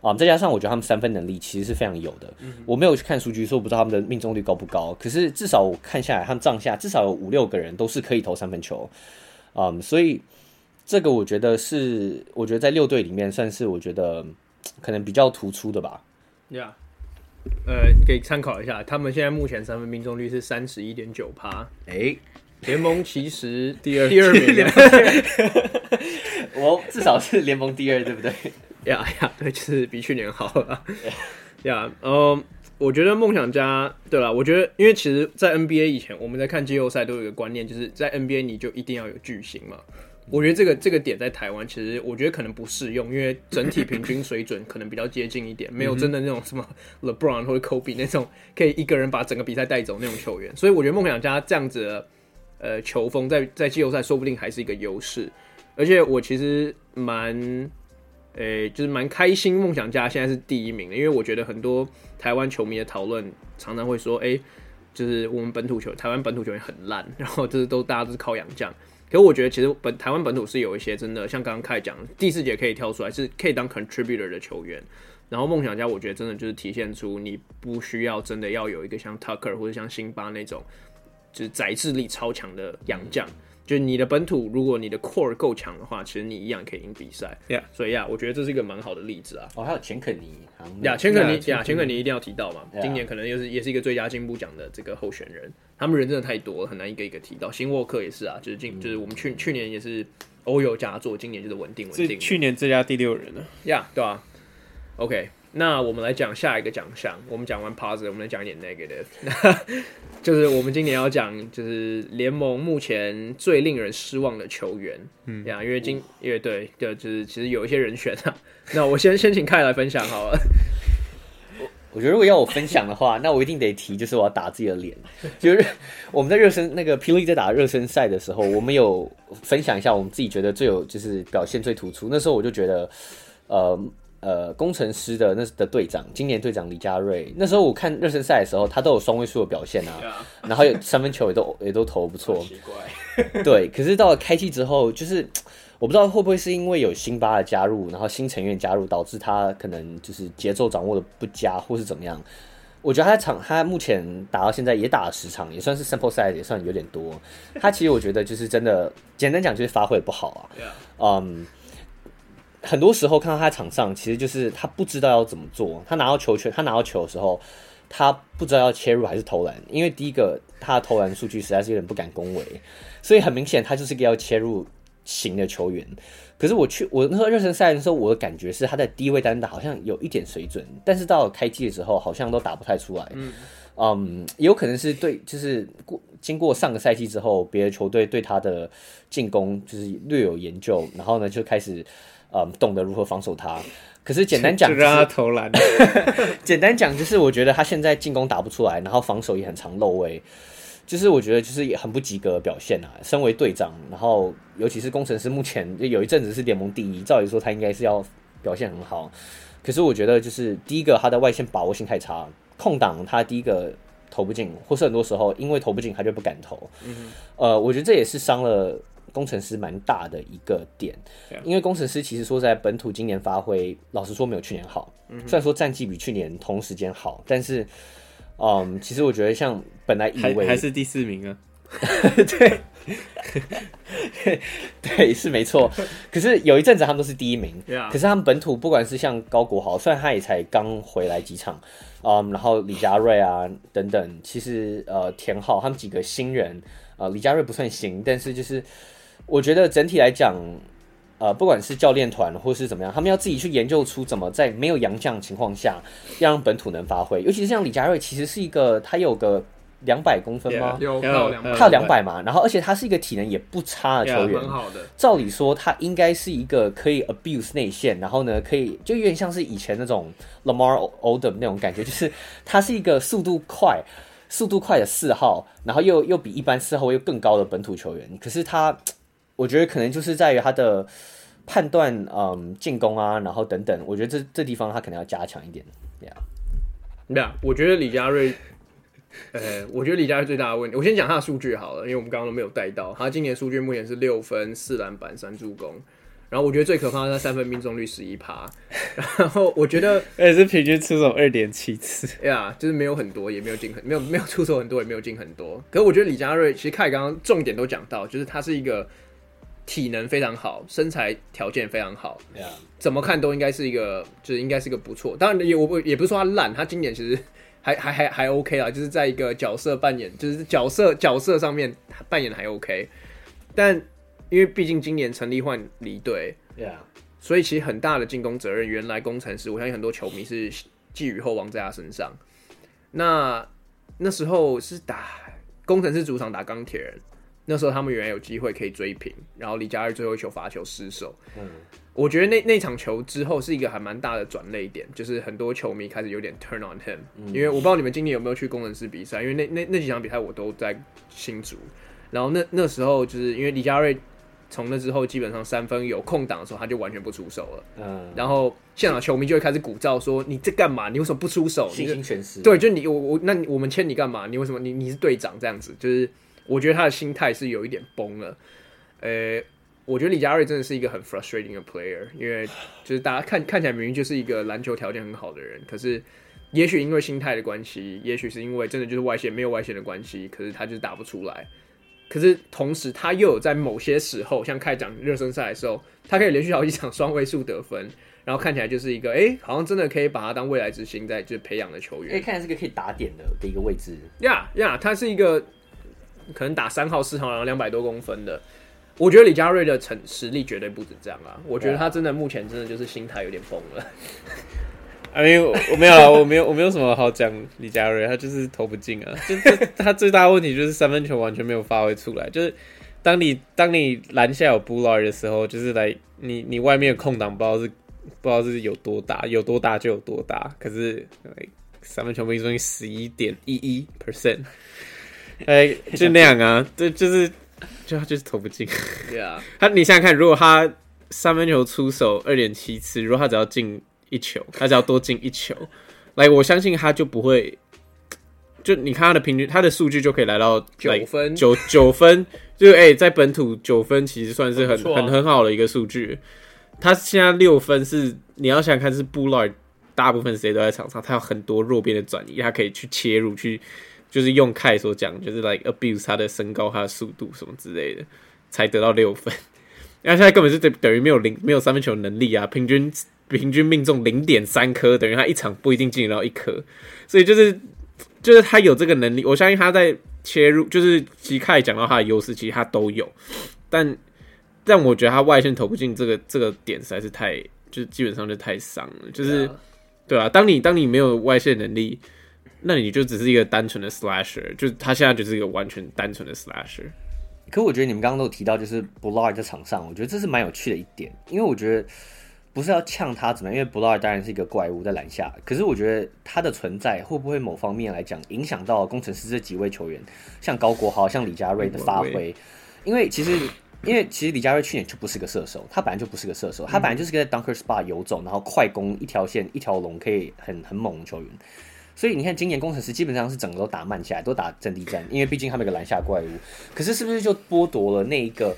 啊、uh,，再加上我覺得他們三分能力其實是非常有的。嗯、我沒有去看數據，說我不知道他們的命中率高不高。可是至少我看下來，他們帳下至少有五六個人都是可以投三分球。嗯、um,，所以這個我覺得是，我覺得在六隊裡面算是我覺得可能比較突出的吧。呀、yeah.，呃，給參考一下，他們現在目前三分命中率是三十一點九趴。誒，聯盟其實第二， *laughs* 第二名。 *laughs* *laughs* *laughs* 我至少是聯盟第二，對不對？呀呀，對，就是比去年好了啊。呀，嗯，我覺得夢想家，對啦，我覺得，因為其實，在 NBA 以前，我們在看季後賽都有一個觀念，就是在 NBA 你就一定要有巨星嘛。我覺得這個這個點在台灣，其實我覺得可能不適用，因為整體平均水準可能比較接近一點，沒有真的那種什麼，什麼 LeBron 或者 Kobe 那種可以一個人把整個比賽帶走那種球員。所以我覺得夢想家這樣子的，呃，球風在在季後賽說不定還是一個優勢。而且我其實蠻。誒、欸，就是蠻開心，夢想家現在是第一名的，因為我覺得很多台灣球迷的討論常常會說，誒、欸，就是我們本土球，台灣本土球員很爛，然後就是都大家都是靠洋將。可是我覺得其實本台灣本土是有一些真的，像剛剛開講第四節可以跳出來，是可以當 contributor 的球員。然後夢想家，我覺得真的就是體現出你不需要真的要有一個像 Tucker 或者像辛巴那種就是宰制力超強的洋將。就你的本土，如果你的 core 夠強的話，其實你一樣可以贏比賽，呀、yeah.。所以呀，我覺得這是一個蠻好的例子啊。哦、oh,，還有錢肯尼，呀，yeah, yeah, 錢肯尼，呀、yeah,，yeah, 錢肯尼一定要提到嘛。Yeah. 今年可能又是也是一個最佳進步獎的這個候選人，yeah. 他們人真的太多了，很難一個一個提到。新沃克也是啊，就是今、嗯、就是我們去去年也是偶有佳作，今年就是穩定穩定。是去年最佳第六人了、啊，呀、yeah, 啊，對吧？OK。那我們來講下一個獎項。我們講完 positive，我們來講一點 negative。那 *laughs* 就是我們今年要講，就是聯盟目前最令人失望的球員。嗯，這樣因為今、哦，因為對，就、就是其實有一些人選啊。那我先 *laughs* 先請 Kai 來分享好了。我我覺得如果要我分享的話， *laughs* 那我一定得提，就是我要打自己的臉。就是我們在熱身那個 P. LEAGUE 在打熱身賽的時候，我們有分享一下我們自己覺得最有就是表現最突出。那時候我就覺得，呃。呃，工程師的那的隊長，今年隊長李家瑞。那時候我看熱身賽的時候，他都有雙位數的表現啊，yeah. 然後有三分球也都 *laughs* 也都投不錯。奇怪， *laughs* 對。可是到了開季之後，就是我不知道會不會是因為有辛巴的加入，然後新成員加入，導致他可能就是節奏掌握的不佳，或是怎麼樣？我覺得他場他目前打到現在也打了十場，也算是 sample size，也算有點多。他其實我覺得就是真的， *laughs* 簡單講就是發揮不好啊。嗯、yeah. um,。很多時候看到他場上，其實就是他不知道要怎麼做。他拿到球權，他拿到球的時候，他不知道要切入還是投籃。因為第一個，他的投籃數據實在是有點不敢恭維，所以很明顯他就是一個要切入型的球員。可是我去我那時候熱身賽的時候，我的感覺是他在低位單打好像有一點水準，但是到了開季的時候好像都打不太出來。嗯，um, 有可能是對，就是過經過上個賽季之後，別的球隊對他的進攻就是略有研究，然後呢就開始。嗯，懂得如何防守他，可是簡單講，就是，就讓他投籃。 *laughs* 簡單講就是，我覺得他現在進攻打不出來，然後防守也很常漏位，就是我覺得就是也很不及格表現啊。身為隊長，然後尤其是攻城獅，目前有一陣子是聯盟第一，照理說他應該是要表現很好，可是我覺得就是第一個，他的外線把握性太差，空檔他第一個投不進，或是很多時候因為投不進，他就不敢投。嗯，呃，我覺得這也是傷了，攻城獅蠻大的一個點，yeah. 因為攻城獅其實說在本土今年發揮，老實說沒有去年好。Mm -hmm. 雖然說戰績比去年同時間好，但是，嗯，其實我覺得像本來以為還還是第四名啊， *laughs* 對， *laughs* 對，對，是沒錯。可是有一陣子他們都是第一名，yeah. 可是他們本土不管是像高國豪，雖然他也才剛回來幾場，嗯，然後李家瑞啊等等，其實呃田浩他們幾個新人，呃李家瑞不算新，但是就是。我覺得整體來講，呃，不管是教練團或是怎麼樣，他們要自己去研究出怎麼在沒有洋將的情況下，要讓本土能發揮。尤其是像李家瑞，其實是一個他有個兩百公分嗎？有、yeah, 靠兩兩百嘛。Uh, 然後，而且他是一個體能也不差的球員，yeah, 很好的。照理說，他應該是一個可以 abuse 內線，然後呢，可以就有點像是以前那種 Lamar Odom 那種感覺， *laughs* 就是他是一個速度快、速度快的四號，然後又又比一般四號又更高的本土球員。可是他。我覺得可能就是在於他的判斷，嗯，進攻啊，然後等等，我覺得這這地方他可能要加強一點。對、yeah. 啊、yeah, 對 *laughs* 啊、欸，我覺得李家瑞，呃，我覺得李家瑞最大的問題，我先講他的數據好了，因為我們剛剛都沒有帶到。他今年的數據目前是六分、四籃板、三助攻，然後我覺得最可怕的他三分命中率十一趴， *laughs* 然後我覺得 *laughs* 也是平均出手二點七次，呀，就是沒有很多，也沒有進很沒有沒有出手很多，也沒有進很多。可是我覺得李家瑞其實凱剛剛重點都講到，就是他是一個。體能非常好，身材條件非常好，yeah. 怎麼看都應該是一個，就是應該是一個不錯。當然也我我也不是說他爛，他今年其實還還還還 OK 啊，就是在一個角色扮演，就是角色角色上面扮演的還 OK。但因為畢竟今年陳立煥離隊，yeah. 所以其實很大的進攻責任，原來攻城獅，我相信很多球迷是寄予厚望在他身上。那那時候是打攻城獅主場打鋼鐵人。那時候他們原來有機會可以追平，然後李家瑞最後一球罰球失手。嗯，我覺得那那場球之後是一個還蠻大的轉捩點，就是很多球迷開始有點 turn on him，嗯。因為我不知道你們今年有沒有去攻城獅比賽，因為那那那幾場比賽我都在新竹。然後那那時候就是因為李家瑞從那之後基本上三分有空檔的時候他就完全不出手了。嗯，然後現場球迷就會開始鼓噪說：“你在幹嘛？你為什麼不出手？你信心全失。”對，就你我我那我們簽你幹嘛？你為什麼你你是隊長這樣子？就是。我覺得他的心態是有一點崩了，呃、欸，我覺得李佳瑞真的是一個很 frustrating 的 player，因為就是大家看看起來明明就是一個籃球條件很好的人，可是也許因為心態的關係，也許是因為真的就是外線沒有外線的關係，可是他就是打不出來。可是同時他又有在某些時候，像開場熱身賽的時候，他可以連續好幾場雙位數得分，然後看起來就是一個，哎、欸，好像真的可以把他當未來之星在就是、培養的球員，哎，看起來是個可以打點的的一個位置。呀呀，他是一個。可能打三號、四號，然後兩百多公分的，我覺得李家瑞的成實力絕對不止這樣啊！我覺得他真的目前真的就是心態有點崩了 *laughs* I mean。啊，沒我沒有，我沒有，我沒有什麼好講。李家瑞他就是投不進啊就，就他最大的問題就是三分球完全沒有發揮出來。就是當你當你籃下有布拉爾的時候，就是來你你外面的空檔不知道是不知道是有多大有多大就有多大，可是 like, 三分球命中率十一點一一 percent。哎、欸，就那樣啊， *laughs* 對，就是，就他就是投不進。對 *laughs* 啊，他你想想看，如果他三分球出手二點七次，如果他只要進一球，他只要多進一球，來，我相信他就不會，就你看他的平均，他的數據就可以來到九分九九分，9, 9分， *laughs* 就哎、欸，在本土九分其實算是很很很、很好的一個數據。他現在六分是，你要想想看，是布賴大部分時間都在場上，他有很多弱邊的轉移，他可以去切入去。就是用凱所講，就是 like abuse 他的身高、他的速度什麼之類的，才得到六分。然後現在根本就等於沒有零沒有三分球能力啊，平均平均命中零點三顆，等於他一場不一定進得到一顆。所以就是就是他有這個能力，我相信他在切入，就是其實凱講到他的優勢，其實他都有。但但我覺得他外線投不進這個這個點實在是太，就是基本上就是太傷了。就是對啊，當你當你沒有外線能力。那你就只是一個單純的 slasher，就他現在就是一個完全單純的 slasher。可我覺得你們剛剛都有提到，就是 Bullard 在場上，我覺得這是蠻有趣的一點，因為我覺得不是要嗆他怎麼樣，因為 Bullard 當然是一個怪物在籃下，可是我覺得他的存在會不會某方面來講影響到工程師這幾位球員，像高國豪、像李佳瑞的發揮？因為其實，因為其實李佳瑞去年就不是個射手，他本來就不是個射手，他本來就是個在 dunker spot 游走、嗯，然後快攻一條線一條龍可以很很猛的球員。所以你看，今年攻城獅基本上是整個都打慢下來，都打陣地戰，因為畢竟他們有個籃下怪物。可是，是不是就剝奪了那個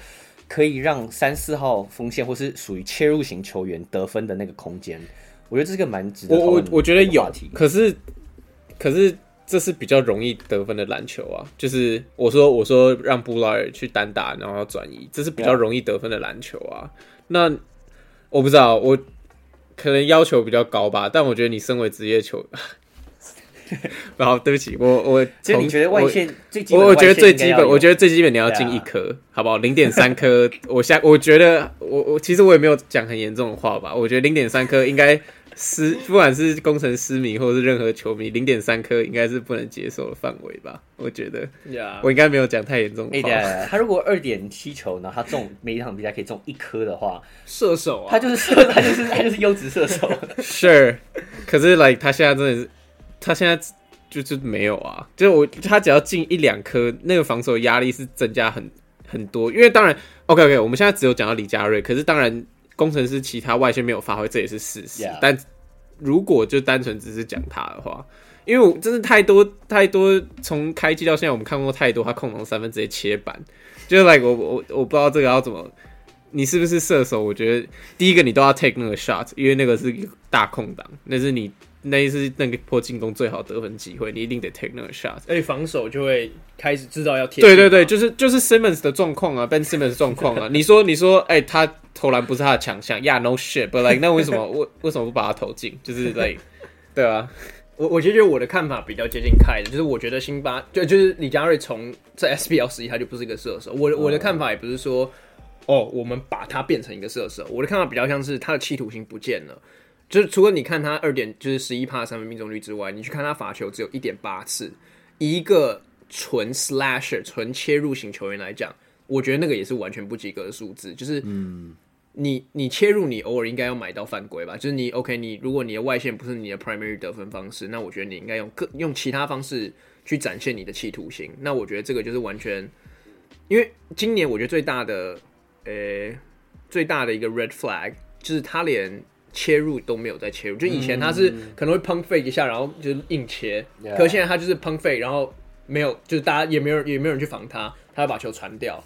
可以讓三四號鋒線或是屬於切入型球員得分的那個空間？我覺得這是個蠻值得我我我覺得有。可是，可是這是比較容易得分的籃球啊！就是我說我說讓布拉爾去單打，然後要轉移，這是比較容易得分的籃球啊。嗯、那我不知道，我可能要求比較高吧，但我覺得你身為職業球 *laughs* 不好，對不起，我我。其實你覺得外線最基，我我覺得最基本，我覺得最基本你要進一顆，好不好？零點三顆， *laughs* 我現我覺得我我其實我也沒有講很嚴重的話吧。我覺得零點三顆應該失， *laughs* 不管是攻城獅迷或者是任何球迷，零點三顆應該是不能接受的範圍吧。我覺得，yeah. 我應該沒有講太嚴重、欸。對啊，對啊 *laughs* 他如果二點七球，呢，他中每一場比賽可以中一顆的話，射手啊，他就是射， *laughs* 他就是他就是優質射手。是、 *laughs* Sure。可是 like 他現在真的是。他現在就是沒有啊，就是我就他只要進一兩顆，那個防守壓力是增加很很多。因為當然，OK OK，我們現在只有講到李家瑞，可是當然工程師其他外線沒有發揮，這也是事實。Yeah. 但如果就單純只是講他的話，因為我真的太多太多，從開季到現在我們看過太多他空檔三分直接切板，就 like 我我我不知道這個要怎麼，你是不是射手？我覺得第一個你都要 take 那個 shot，因為那個是大空檔，那是你。那一次那個破進攻最好得分機會，你一定得 take 那個 shot，哎，防守就會開始知道要貼。對對對，就是就是 Simmons 的狀況啊，Ben Simmons 狀況啊 *laughs* 你。你說你說，哎、欸，他投籃不是他的強項呀，Yeah, No shit，but like 那為什麼為 *laughs* 為什麼不把他投進？就是 like *laughs* 對啊，我我其實覺得我的看法比較接近 Kai 的，就是我覺得辛巴就就是李家瑞從在 SBL 時期他就不是一個射手，我、oh. 我的看法也不是說哦，oh, oh, 我們把他變成一個射手，我的看法比較像是他的企圖心不見了。就是除了你看他二點就是十一趴三分命中率之外，你去看他罰球只有一點八次。以一個純 slasher 純切入型球員來講，我覺得那個也是完全不及格的數字。就是，嗯，你你切入，你偶爾應該要買到犯規吧？就是你 OK，你如果你的外線不是你的 primary 得分方式，那我覺得你應該用各用其他方式去展現你的企圖心。那我覺得這個就是完全，因為今年我覺得最大的呃、欸、最大的一個 red flag 就是他連。切入都沒有再切入，就以前他是可能會 pump fake 一下，嗯，然後就是硬切。Yeah. 可現在他就是 pump fake，然後沒有，就是大家也沒有也沒有人去防他，他要把球傳掉。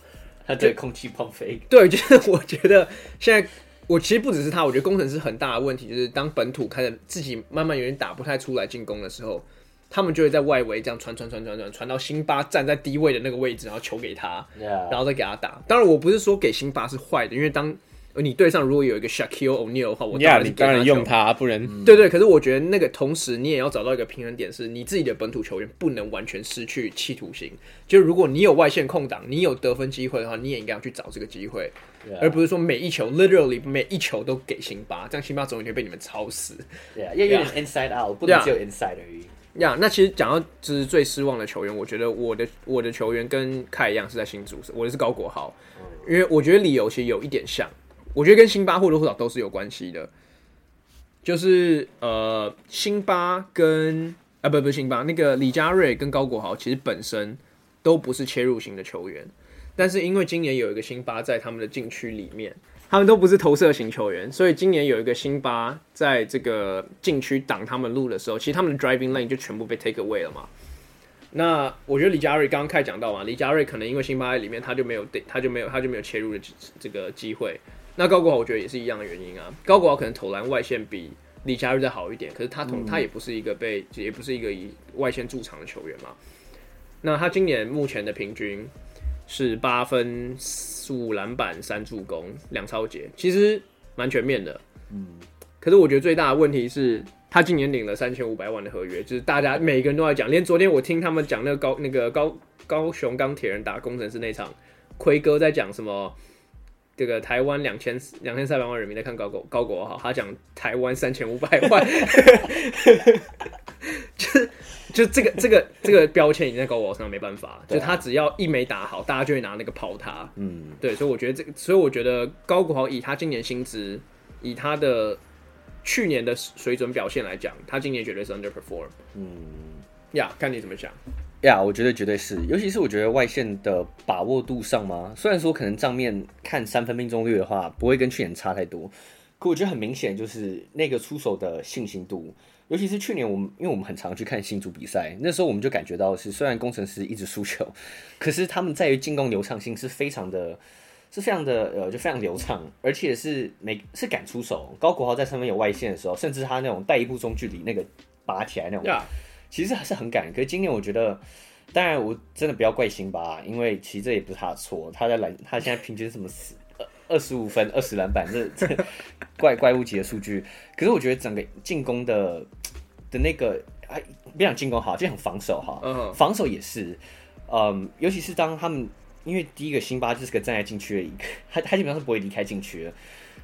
他對空氣 pump fake。對，就是我覺得現在我其實不只是他，我覺得攻城獅很大的問題就是當本土開始自己慢慢有點打不太出來進攻的時候，他們就會在外圍這樣傳傳傳傳傳，傳到辛巴站在低位的那個位置，然後球給他，yeah. 然後再給他打。當然我不是說給辛巴是壞的，因為當而你對上如果有一個 Shaquille O'Neal 的話，你啊，yeah, 你當然用他，啊，不能、嗯、對，對對。可是我覺得那個同時，你也要找到一個平衡點，是你自己的本土球員不能完全失去企圖心。就如果你有外線空檔，你有得分機會的話，你也應該要去找這個機會，yeah. 而不是說每一球 literally 每一球都給辛巴，這樣辛巴總有一天被你們超死。對啊，因為 inside out 不能只有 inside、yeah. inside 而已。Yeah, 那其實講到就是最失望的球員，我覺得我的我的球員跟凱一樣是在新竹，我的是高國豪，mm. 因為我覺得理由其實有一點像。我覺得跟辛巴或多或少都是有關係的，就是呃，辛巴跟啊，不不，辛巴那個李家瑞跟高國豪其實本身都不是切入型的球員，但是因為今年有一個辛巴在他們的禁區裡面，他們都不是投射型球員，所以今年有一個辛巴在這個禁區擋他們路的時候，其實他們的 driving lane 就全部被 take away 了嘛。那我覺得李家瑞剛剛開始講到嘛，李家瑞可能因為辛巴在裡面他，他就沒有對他就沒有他就沒有切入的這個機會。那高國豪我覺得也是一樣的原因啊，高國豪可能投籃外線比李家瑞再好一點，可是他同、嗯、他也不是一個被，也不是一個以外線駐場的球員嘛。那他今年目前的平均是八分、五籃板、三助攻、兩抄截，其實蠻全面的。嗯，可是我覺得最大的問題是，他今年領了三千五百萬的合約，就是大家每個人都在講，連昨天我聽他們講那個高那個高高雄鋼鐵人打工程師那場，奎哥在講什麼？這個台灣兩千兩千三百萬人民在看高國高國豪，他講台灣三千五百萬， *laughs* *laughs* 就就這個這個這個標籤已經在高國豪身上沒辦法，就他只要一沒打好，大家就會拿那個拋他。嗯，對，所以我覺得這個，所以我覺得高國豪以他今年薪資，以他的去年的水準表現來講，他今年絕對是 underperform。嗯，呀、yeah，看你怎麼想。呀、yeah，我覺得絕對是，尤其是我覺得外線的把握度上嘛，雖然說可能賬面看三分命中率的話，不會跟去年差太多，可我覺得很明顯就是那個出手的信心度，尤其是去年我們因為我們很常去看新竹比賽，那時候我們就感覺到是雖然工程師一直輸球，可是他們在於進攻流暢性是非常的，是非常的呃就非常流暢，而且是每是敢出手，高國豪在上面有外線的時候，甚至他那種帶一步中距離那個拔起來那種。Yeah. 其實還是很感，可是今年我覺得，當然我真的不要怪辛巴，因為其實這也不是他的錯。他在籃，他現在平均什麼二二十五分二十籃板，這這怪怪物級的數據。 *laughs* 可是我覺得整個進攻的的那個，哎、啊，不想進攻好，就很防守哈。Uh-huh. 防守也是，嗯，尤其是當他們因為第一個辛巴就是個站在禁區的一個，還他基本上是不會離開禁區的，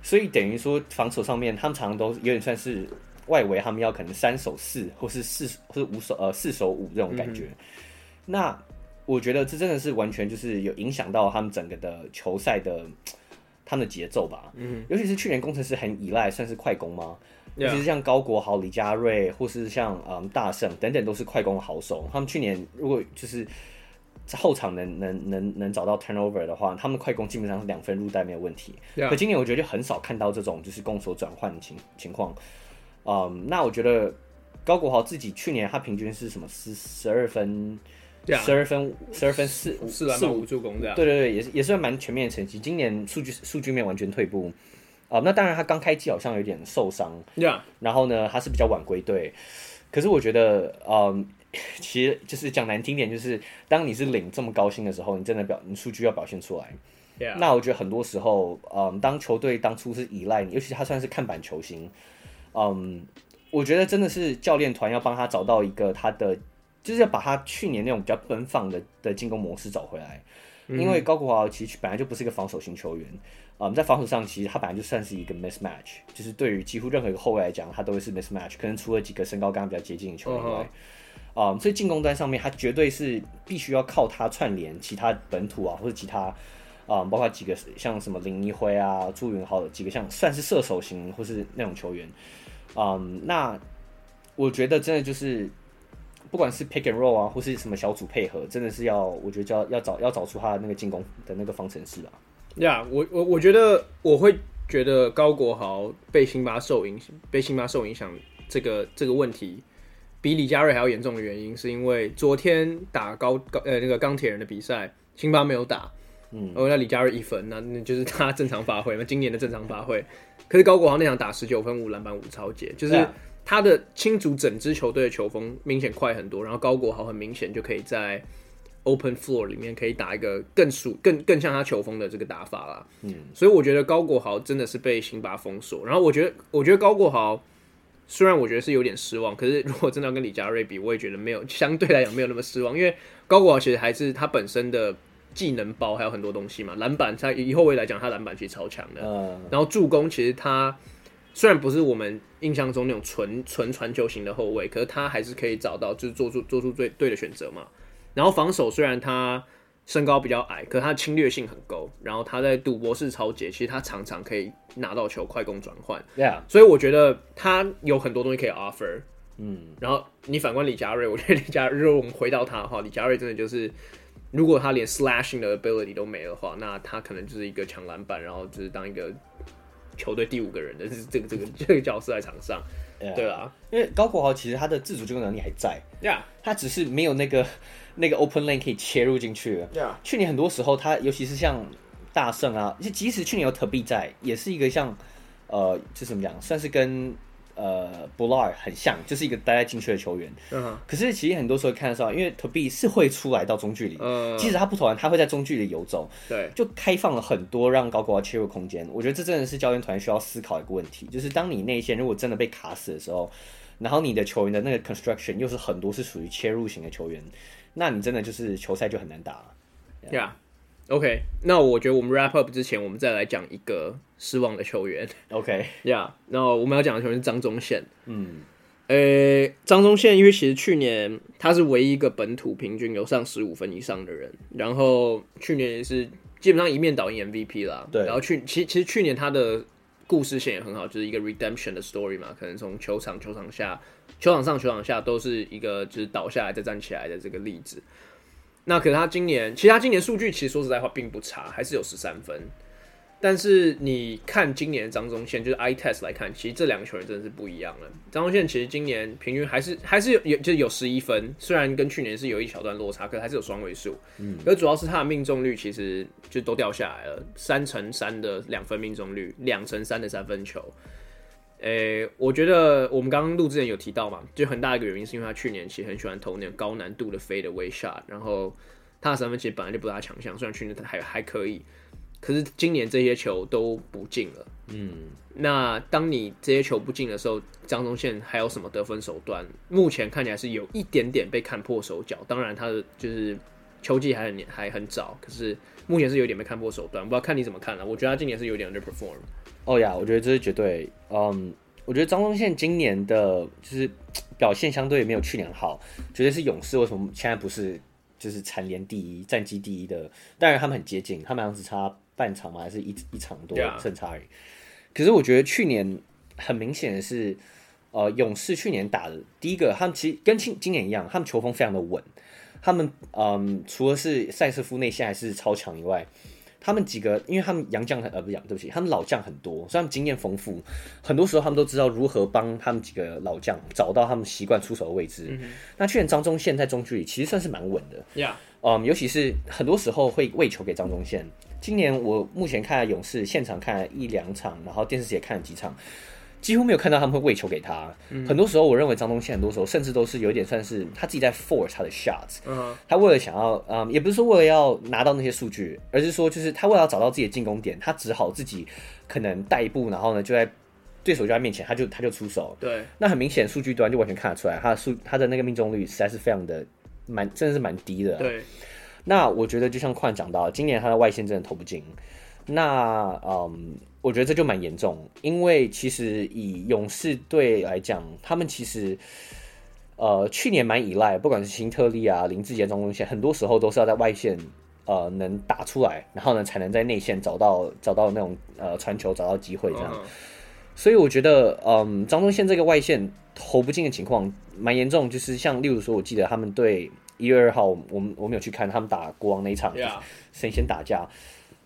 所以等於說防守上面他們常常都有點算是。外圍他們要可能三手四，或是四或是五手呃四手五這種感覺，嗯、那我覺得這真的是完全就是有影響到他們整個的球賽的他們的節奏吧。嗯，尤其是去年攻城獅很依賴算是快攻嗎、嗯？尤其是像高國豪、李家瑞，或是像嗯大聖等等都是快攻好手。他們去年如果就是後場能能能能找到 turnover 的話，他們快攻基本上是兩分入袋沒有問題、嗯。可今年我覺得就很少看到這種就是攻守轉換的情情況。嗯、um,，那我覺得高國豪自己去年他平均是什麼十十二分，十、yeah. 二分十二分四五四五助攻這樣，對對對，也是也算蠻全面的成績。今年數據數據面完全退步，um, 那當然他剛開機好像有點受傷，yeah. 然後呢他是比較晚歸隊，可是我覺得，嗯、um,，其實就是講難聽點，就是當你是領這麼高薪的時候，你真的表你數據要表現出來。Yeah. 那我覺得很多時候，嗯、um,，當球隊當初是依賴你，尤其他算是看板球星。嗯、um,，我覺得真的是教練團要幫他找到一個他的，就是要把他去年那種比較奔放的的進攻模式找回來、嗯。因為高國豪其實本來就不是一個防守型球員，嗯、um,，在防守上其實他本來就算是一個 mismatch，就是對於幾乎任何一個後衛來講，他都會是 mismatch，可能除了幾個身高剛剛比較接近的球員以外，嗯、哦，um, 所以進攻端上面他絕對是必須要靠他串聯其他本土啊，或者其他啊、嗯，包括幾個像什麼林宜輝啊、朱雲豪的幾個像算是射手型或是那種球員。嗯、um,，那我覺得真的就是，不管是 pick and roll 啊，或是什麼小組配合，真的是要，我覺得就要要找要找出他那個進攻的那個方程式、啊、吧。呀、yeah,，我我我覺得我會覺得高國豪被辛巴受影響，被辛巴受影響，這個這個問題比李家瑞還要嚴重的原因，是因為昨天打高高呃、欸、那個鋼鐵人的比賽，辛巴沒有打，嗯，而那李家瑞一分，那那就是他正常發揮嘛，那今年的正常發揮。可是高國豪那場打十九分五籃板五抄截，就是他的新竹整支球隊的球風明顯快很多，然後高國豪很明顯就可以在 open floor 裡面可以打一個更屬更更像他球風的這個打法啦。嗯，所以我覺得高國豪真的是被辛巴封鎖，然後我覺得我覺得高國豪雖然我覺得是有點失望，可是如果真的要跟李佳瑞比，我也覺得沒有相對來講沒有那麼失望，因為高國豪其實還是他本身的。技能包還有很多東西嘛，籃板在以後衛來講，他籃板其實超強的。嗯。然後助攻其實他雖然不是我們印象中那種純純傳球型的後衛，可是他還是可以找到，就是做出做出最對的選擇嘛。然後防守雖然他身高比較矮，可是他侵略性很高。然後他在賭博式超解，其實他常常可以拿到球，快攻轉換。對啊，所以我覺得他有很多東西可以 offer。嗯，然後你反觀李佳瑞，我覺得李佳瑞，如果我們回到他的話，李佳瑞真的就是。如果他連 slashing 的 ability 都沒的話，那他可能就是一個搶籃板，然後就是當一個球隊第五個人的這個這個這個角色在場上。Yeah. 對啊，因為高國豪其實他的自主進攻能力還在，啊、yeah.，他只是沒有那個那個 open lane 可以切入進去了。對啊，去年很多時候他，尤其是像大聖啊，就即使去年有特幣在，也是一個像呃就怎麼樣，算是跟。呃 Bhullar 很像，就是一個待在禁區的球員。Uh -huh. 可是其實很多時候看的時候因為 Toby 是會出來到中距離，嗯，即使他不投籃，他會在中距離游走，對、uh -huh.，就開放了很多讓高國豪切入空間。我覺得這真的是教練團需要思考一個問題，就是當你內線如果真的被卡死的時候，然後你的球員的那個 construction 又是很多是屬於切入型的球員，那你真的就是球賽就很難打了，對啊。OK，那我覺得我們 wrap up 之前，我們再來講一個失望的球員。OK，Yeah，、okay. 那我們要講的球員是張宗憲。嗯，呃、欸，張宗憲，因為其實去年他是唯一一個本土平均有上十五分以上的人，然後去年也是基本上一面倒贏 MVP 啦。對，然後去，其其實去年他的故事線也很好，就是一個 redemption 的 story 嘛，可能從球場、球場下、球場上、球場下都是一個就是倒下來再站起來的這個例子。那可是他今年，其實他今年數據其實說實在話並不差，還是有十三分。但是你看今年張宗憲，就是 i test 來看，其實這兩個球員真的是不一樣了。張宗憲其實今年平均還是還是有就有就是有十一分，雖然跟去年是有一小段落差，可是還是有雙位數。嗯，而主要是他的命中率其實就都掉下來了，三乘三的兩分命中率，兩乘三的三分球。誒、欸，我覺得我們剛剛錄之前有提到嘛，就很大一個原因是因為他去年其實很喜歡投那種高難度的 fade away shot，然後他的三分其實本來就不大強項，雖然去年他還還可以，可是今年這些球都不進了。嗯，那當你這些球不進的時候，張宗憲還有什麼得分手段？目前看起來是有一點點被看破手腳。當然，他的就是。球季還很還很早，可是目前是有點被看破手段，不知道看你怎麼看了、啊。我覺得他今年是有點 underperform。哦呀，我覺得這是絕對。嗯、um,，我覺得張宗憲今年的就是表現相對沒有去年好，絕對是勇士為什麼現在不是就是蟬聯第一、戰績第一的？但是他們很接近，他們好像只差半場嘛，還是一一場多勝、yeah. 差而已。可是我覺得去年很明顯的是，呃，勇士去年打的第一個，他們其實跟今今年一樣，他們球風非常的穩。他們嗯，除了是賽斯夫內線還是超強以外，他們幾個，因為他們洋將很呃不洋對不起，他們老將很多，所以他們經驗豐富，很多時候他們都知道如何幫他們幾個老將找到他們習慣出手的位置。嗯、那去年張宗憲在中距離其實算是蠻穩的，呀、yeah.，嗯，尤其是很多時候會餵球給張宗憲。今年我目前看了勇士現場看了一兩場，然後電視也看了幾場。幾乎沒有看到他們會餵球給他。嗯。很多時候，我認為張宗憲很多時候甚至都是有點算是他自己在 force 他的 shots。嗯。他為了想要，嗯，也不是說為了要拿到那些數據，而是說就是他為了要找到自己的進攻點，他只好自己可能帶一步，然後呢，就在對手就在面前，他就他就出手。對。那很明顯，數據端就完全看得出來，他的數他的那個命中率實在是非常的蠻，真的是蠻低的。對。那我覺得就像寬講到，今年他的外線真的投不進。那嗯。我覺得這就蠻嚴重，因為其實以勇士隊來講，他們其實呃去年蠻依賴，不管是新特利啊、林志杰、張宗憲，很多時候都是要在外線呃能打出來，然後呢才能在內線找到找到那種呃傳球、找到機會這樣。所以我覺得，嗯、呃，張宗憲這個外線投不進的情況蠻嚴重。就是像例如說，我記得他們對一月二號，我們我沒有去看他們打國王那一場，yeah. 神仙打架。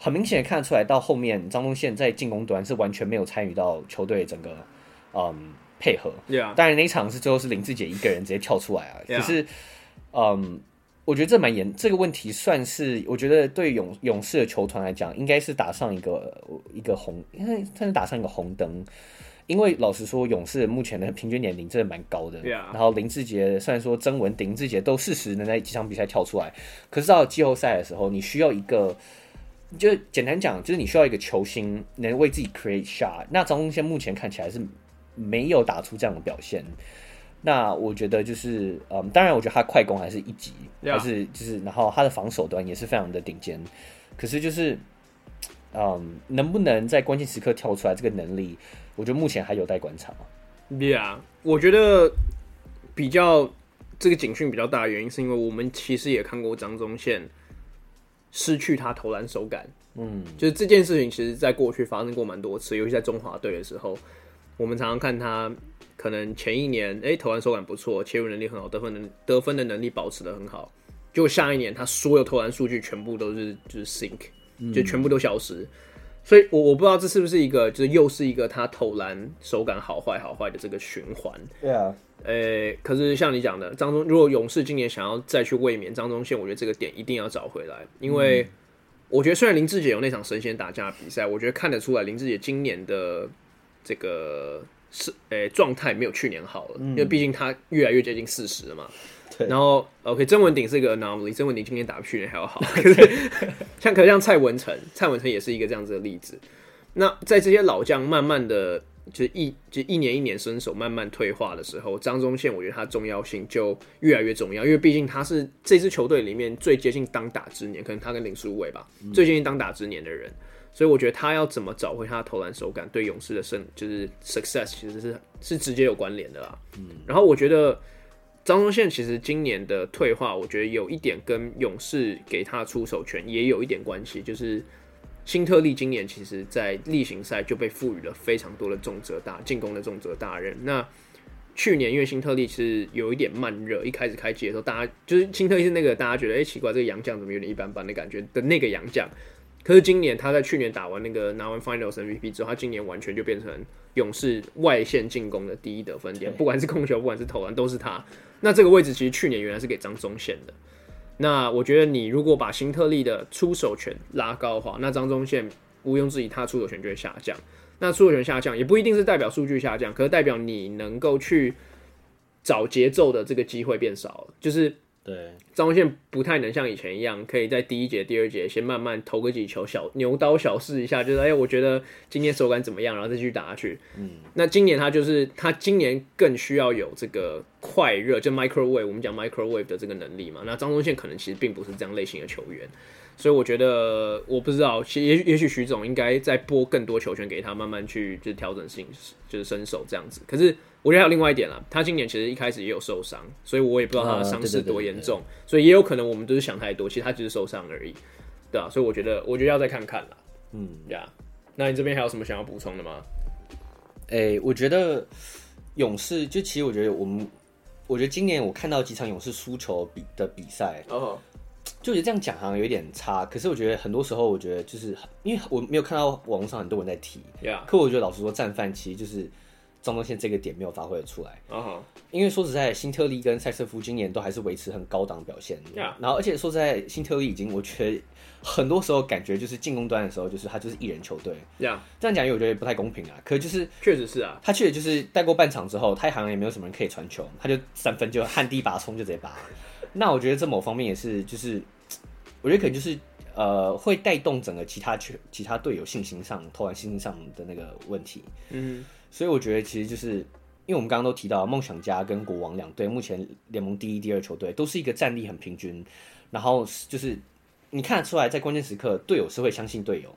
很明顯看得出來，到後面張宗憲在進攻端是完全沒有參與到球隊整個，嗯，配合。當、yeah. 然那一場是最後是林志杰一個人直接跳出來啊。Yeah. 可是，嗯，我覺得這蠻嚴這個問題算是我覺得對勇勇士的球團來講，應該是打上一個一個紅，因為算是打上一個紅燈。因為老實說，勇士目前的平均年齡真的蠻高的。Yeah. 然後林志杰雖然說曾文鼎、林志杰都適時能在幾場比賽跳出來，可是到季後賽的時候，你需要一個。就簡單講，就是你需要一個球星能為自己 create shot。那張宗憲目前看起來是沒有打出這樣的表現。那我覺得就是，嗯，當然我覺得他快攻還是一級，還、yeah. 是就是，然後他的防守端也是非常的頂尖。可是就是，嗯，能不能在關鍵時刻跳出來，這個能力，我覺得目前還有待觀察。對啊，我覺得比較這個警訊比較大的原因，是因為我們其實也看過張宗憲。失去他投籃手感，嗯，就是這件事情，其實在過去發生過蠻多次，尤其在中華隊的時候，我們常常看他可能前一年，誒，欸，投籃手感不錯，切入能力很好，得分能得分的能力保持得很好，就下一年他所有投籃數據全部都是就是 sink，嗯，就全部都消失，所以我我不知道這是不是一個就是又是一個他投籃手感好壞好壞的這個循環，Yeah. 呃、欸，可是像你講的，張宗，如果勇士今年想要再去衛冕，張宗憲我覺得這個點一定要找回來，因為我覺得雖然林志傑有那場神仙打架比賽，我覺得看得出來林志傑今年的這個是呃狀態沒有去年好了，嗯、因為畢竟他越來越接近四十了嘛。對，然後 OK，曾文鼎是一個 anomaly，曾文鼎今年打比去年還要好， *laughs* 可是像可像蔡文誠，蔡文誠也是一個這樣子的例子。那在這些老將慢慢的。就是一就一年一年，身手慢慢退化的時候，張宗憲我覺得他重要性就越來越重要，因為畢竟他是這支球隊裡面最接近當打之年，可能他跟林書偉吧，最接近當打之年的人，所以我覺得他要怎麼找回他的投籃手感，對勇士的勝就是 success 其實是是直接有關聯的啦。嗯，然後我覺得張宗憲其實今年的退化，我覺得有一點跟勇士給他的出手權也有一點關係，就是。新特利今年其實，在例行賽就被賦予了非常多的重責大進攻的重責大任。那去年因為新特利其實有一點慢熱，一開始開季的時候，大家就是新特利是那個大家覺得哎、欸、奇怪，這個洋將怎麼有點一般般的感覺的那個洋將。可是今年他在去年打完那個拿完 Finals MVP 之後，他今年完全就變成勇士外線進攻的第一得分點，不管是控球，不管是投籃，都是他。那這個位置其實去年原來是給張宗憲的。那我覺得，你如果把新特利的出手權拉高的話，那張宗憲毋庸置疑，他出手權就會下降。那出手權下降也不一定是代表數據下降，可是代表你能夠去找節奏的這個機會變少了，就是。對，張宗憲不太能像以前一樣，可以在第一節、第二節先慢慢投個幾球，小牛刀小試一下，就是哎、欸，我覺得今天手感怎麼樣，然後再去打下去。嗯，那今年他就是他今年更需要有這個快熱，就 microwave，我們講 microwave 的這個能力嘛。那張宗憲可能其實並不是這樣類型的球員，所以我覺得我不知道，其實也許也許許總應該再撥更多球權給他，慢慢去就調整性，就是伸手這樣子。可是。我覺得還有另外一點了，他今年其實一開始也有受傷，所以我也不知道他的傷勢多嚴重，啊、對對對對，所以也有可能我們就是想太多，其實他只是受傷而已，對啊，所以我覺得，我覺得要再看看啦，嗯，對啊。那你這邊還有什麼想要補充的嗎？哎、欸，我覺得勇士，就其實我覺得我們，我覺得今年我看到幾場勇士輸球的比的比賽，哦、Oh，就我覺得這樣講好像有點差。可是我覺得很多時候，我覺得就是因為我沒有看到網絡上很多人在提，對啊。可我覺得老實說，戰犯其實就是。中宗憲這個點沒有發揮的出來，啊、uh -huh.，因為說實在，新特利跟塞瑟夫今年都還是維持很高檔表現，yeah. 然後，而且說實在，新特利已經我覺得很多時候感覺就是進攻端的時候，就是他就是一人球隊，yeah. 這樣講，我覺得不太公平啊。可就是，確實是啊，他確實就是帶過半場之後，他好像也沒有什麼人可以傳球，他就三分就旱地拔蔥就直接拔。 *laughs* 那我覺得這某方面也是，就是我覺得可能就是呃，會帶動整個其他球其他隊友信心上投完信心上的那個問題，嗯。所以我覺得，其實就是因為我們剛剛都提到，夢想家跟國王兩隊目前聯盟第一、第二球隊，都是一個戰力很平均，然後就是你看得出來，在關鍵時刻隊友是會相信隊友，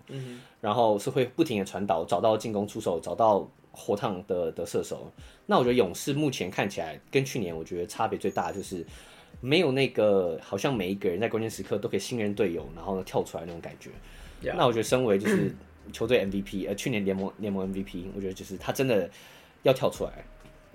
然後是會不停的傳導，找到進攻出手，找到火燙的的射手。那我覺得勇士目前看起來跟去年我覺得差別最大就是，沒有那個好像每一個人在關鍵時刻都可以信任隊友，然後跳出來那種感覺。那我覺得身為就是、嗯。球隊 MVP，呃，去年聯盟聯盟 MVP，我覺得就是他真的要跳出來。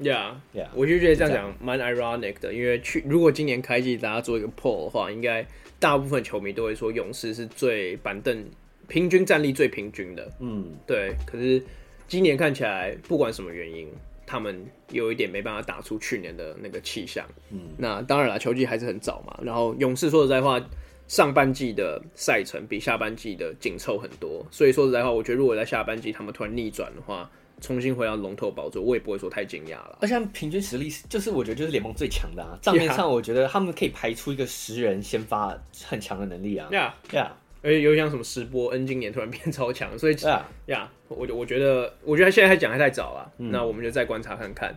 Yeah，Yeah，yeah, 我就覺得這樣講蠻 ironic 的，因為去如果今年開季大家做一個 poll 的話，應該大部分球迷都會說勇士是最板凳平均戰力最平均的。嗯，對。可是今年看起來不管什麼原因，他們有一點沒辦法打出去年的那個氣象。嗯，那當然了，球季還是很早嘛。然後勇士說實在話。上半季的賽程比下半季的緊湊很多，所以說實在話，我覺得如果在下半季他們突然逆轉的話，重新回到龍頭寶座，我也不會說太驚訝了。而且他們平均實力就是我覺得就是聯盟最強的啊。賬面上我覺得他們可以排出一個十人先發很強的能力啊。呀呀，而且有像什麼石波恩今年突然變超強，所以呀呀，yeah. Yeah. 我我我覺得我覺得現在還講還太早了，嗯，那我們就再觀察看看。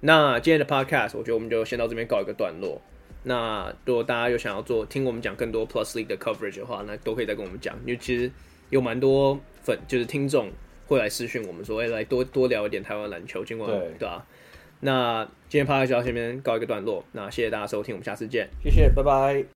那今天的 Podcast，我覺得我們就先到這邊告一個段落。那如果大家有想要做聽我們講更多 Plus League 的 coverage 的話，那都可以再跟我們講，因為其實有蠻多粉就是聽眾會來私訊我們說，誒、欸，來多多聊一點台灣籃球經過，對吧、啊？那今天 Podcast 就到這邊告一個段落，那謝謝大家收聽，我們下次見，謝謝，拜拜。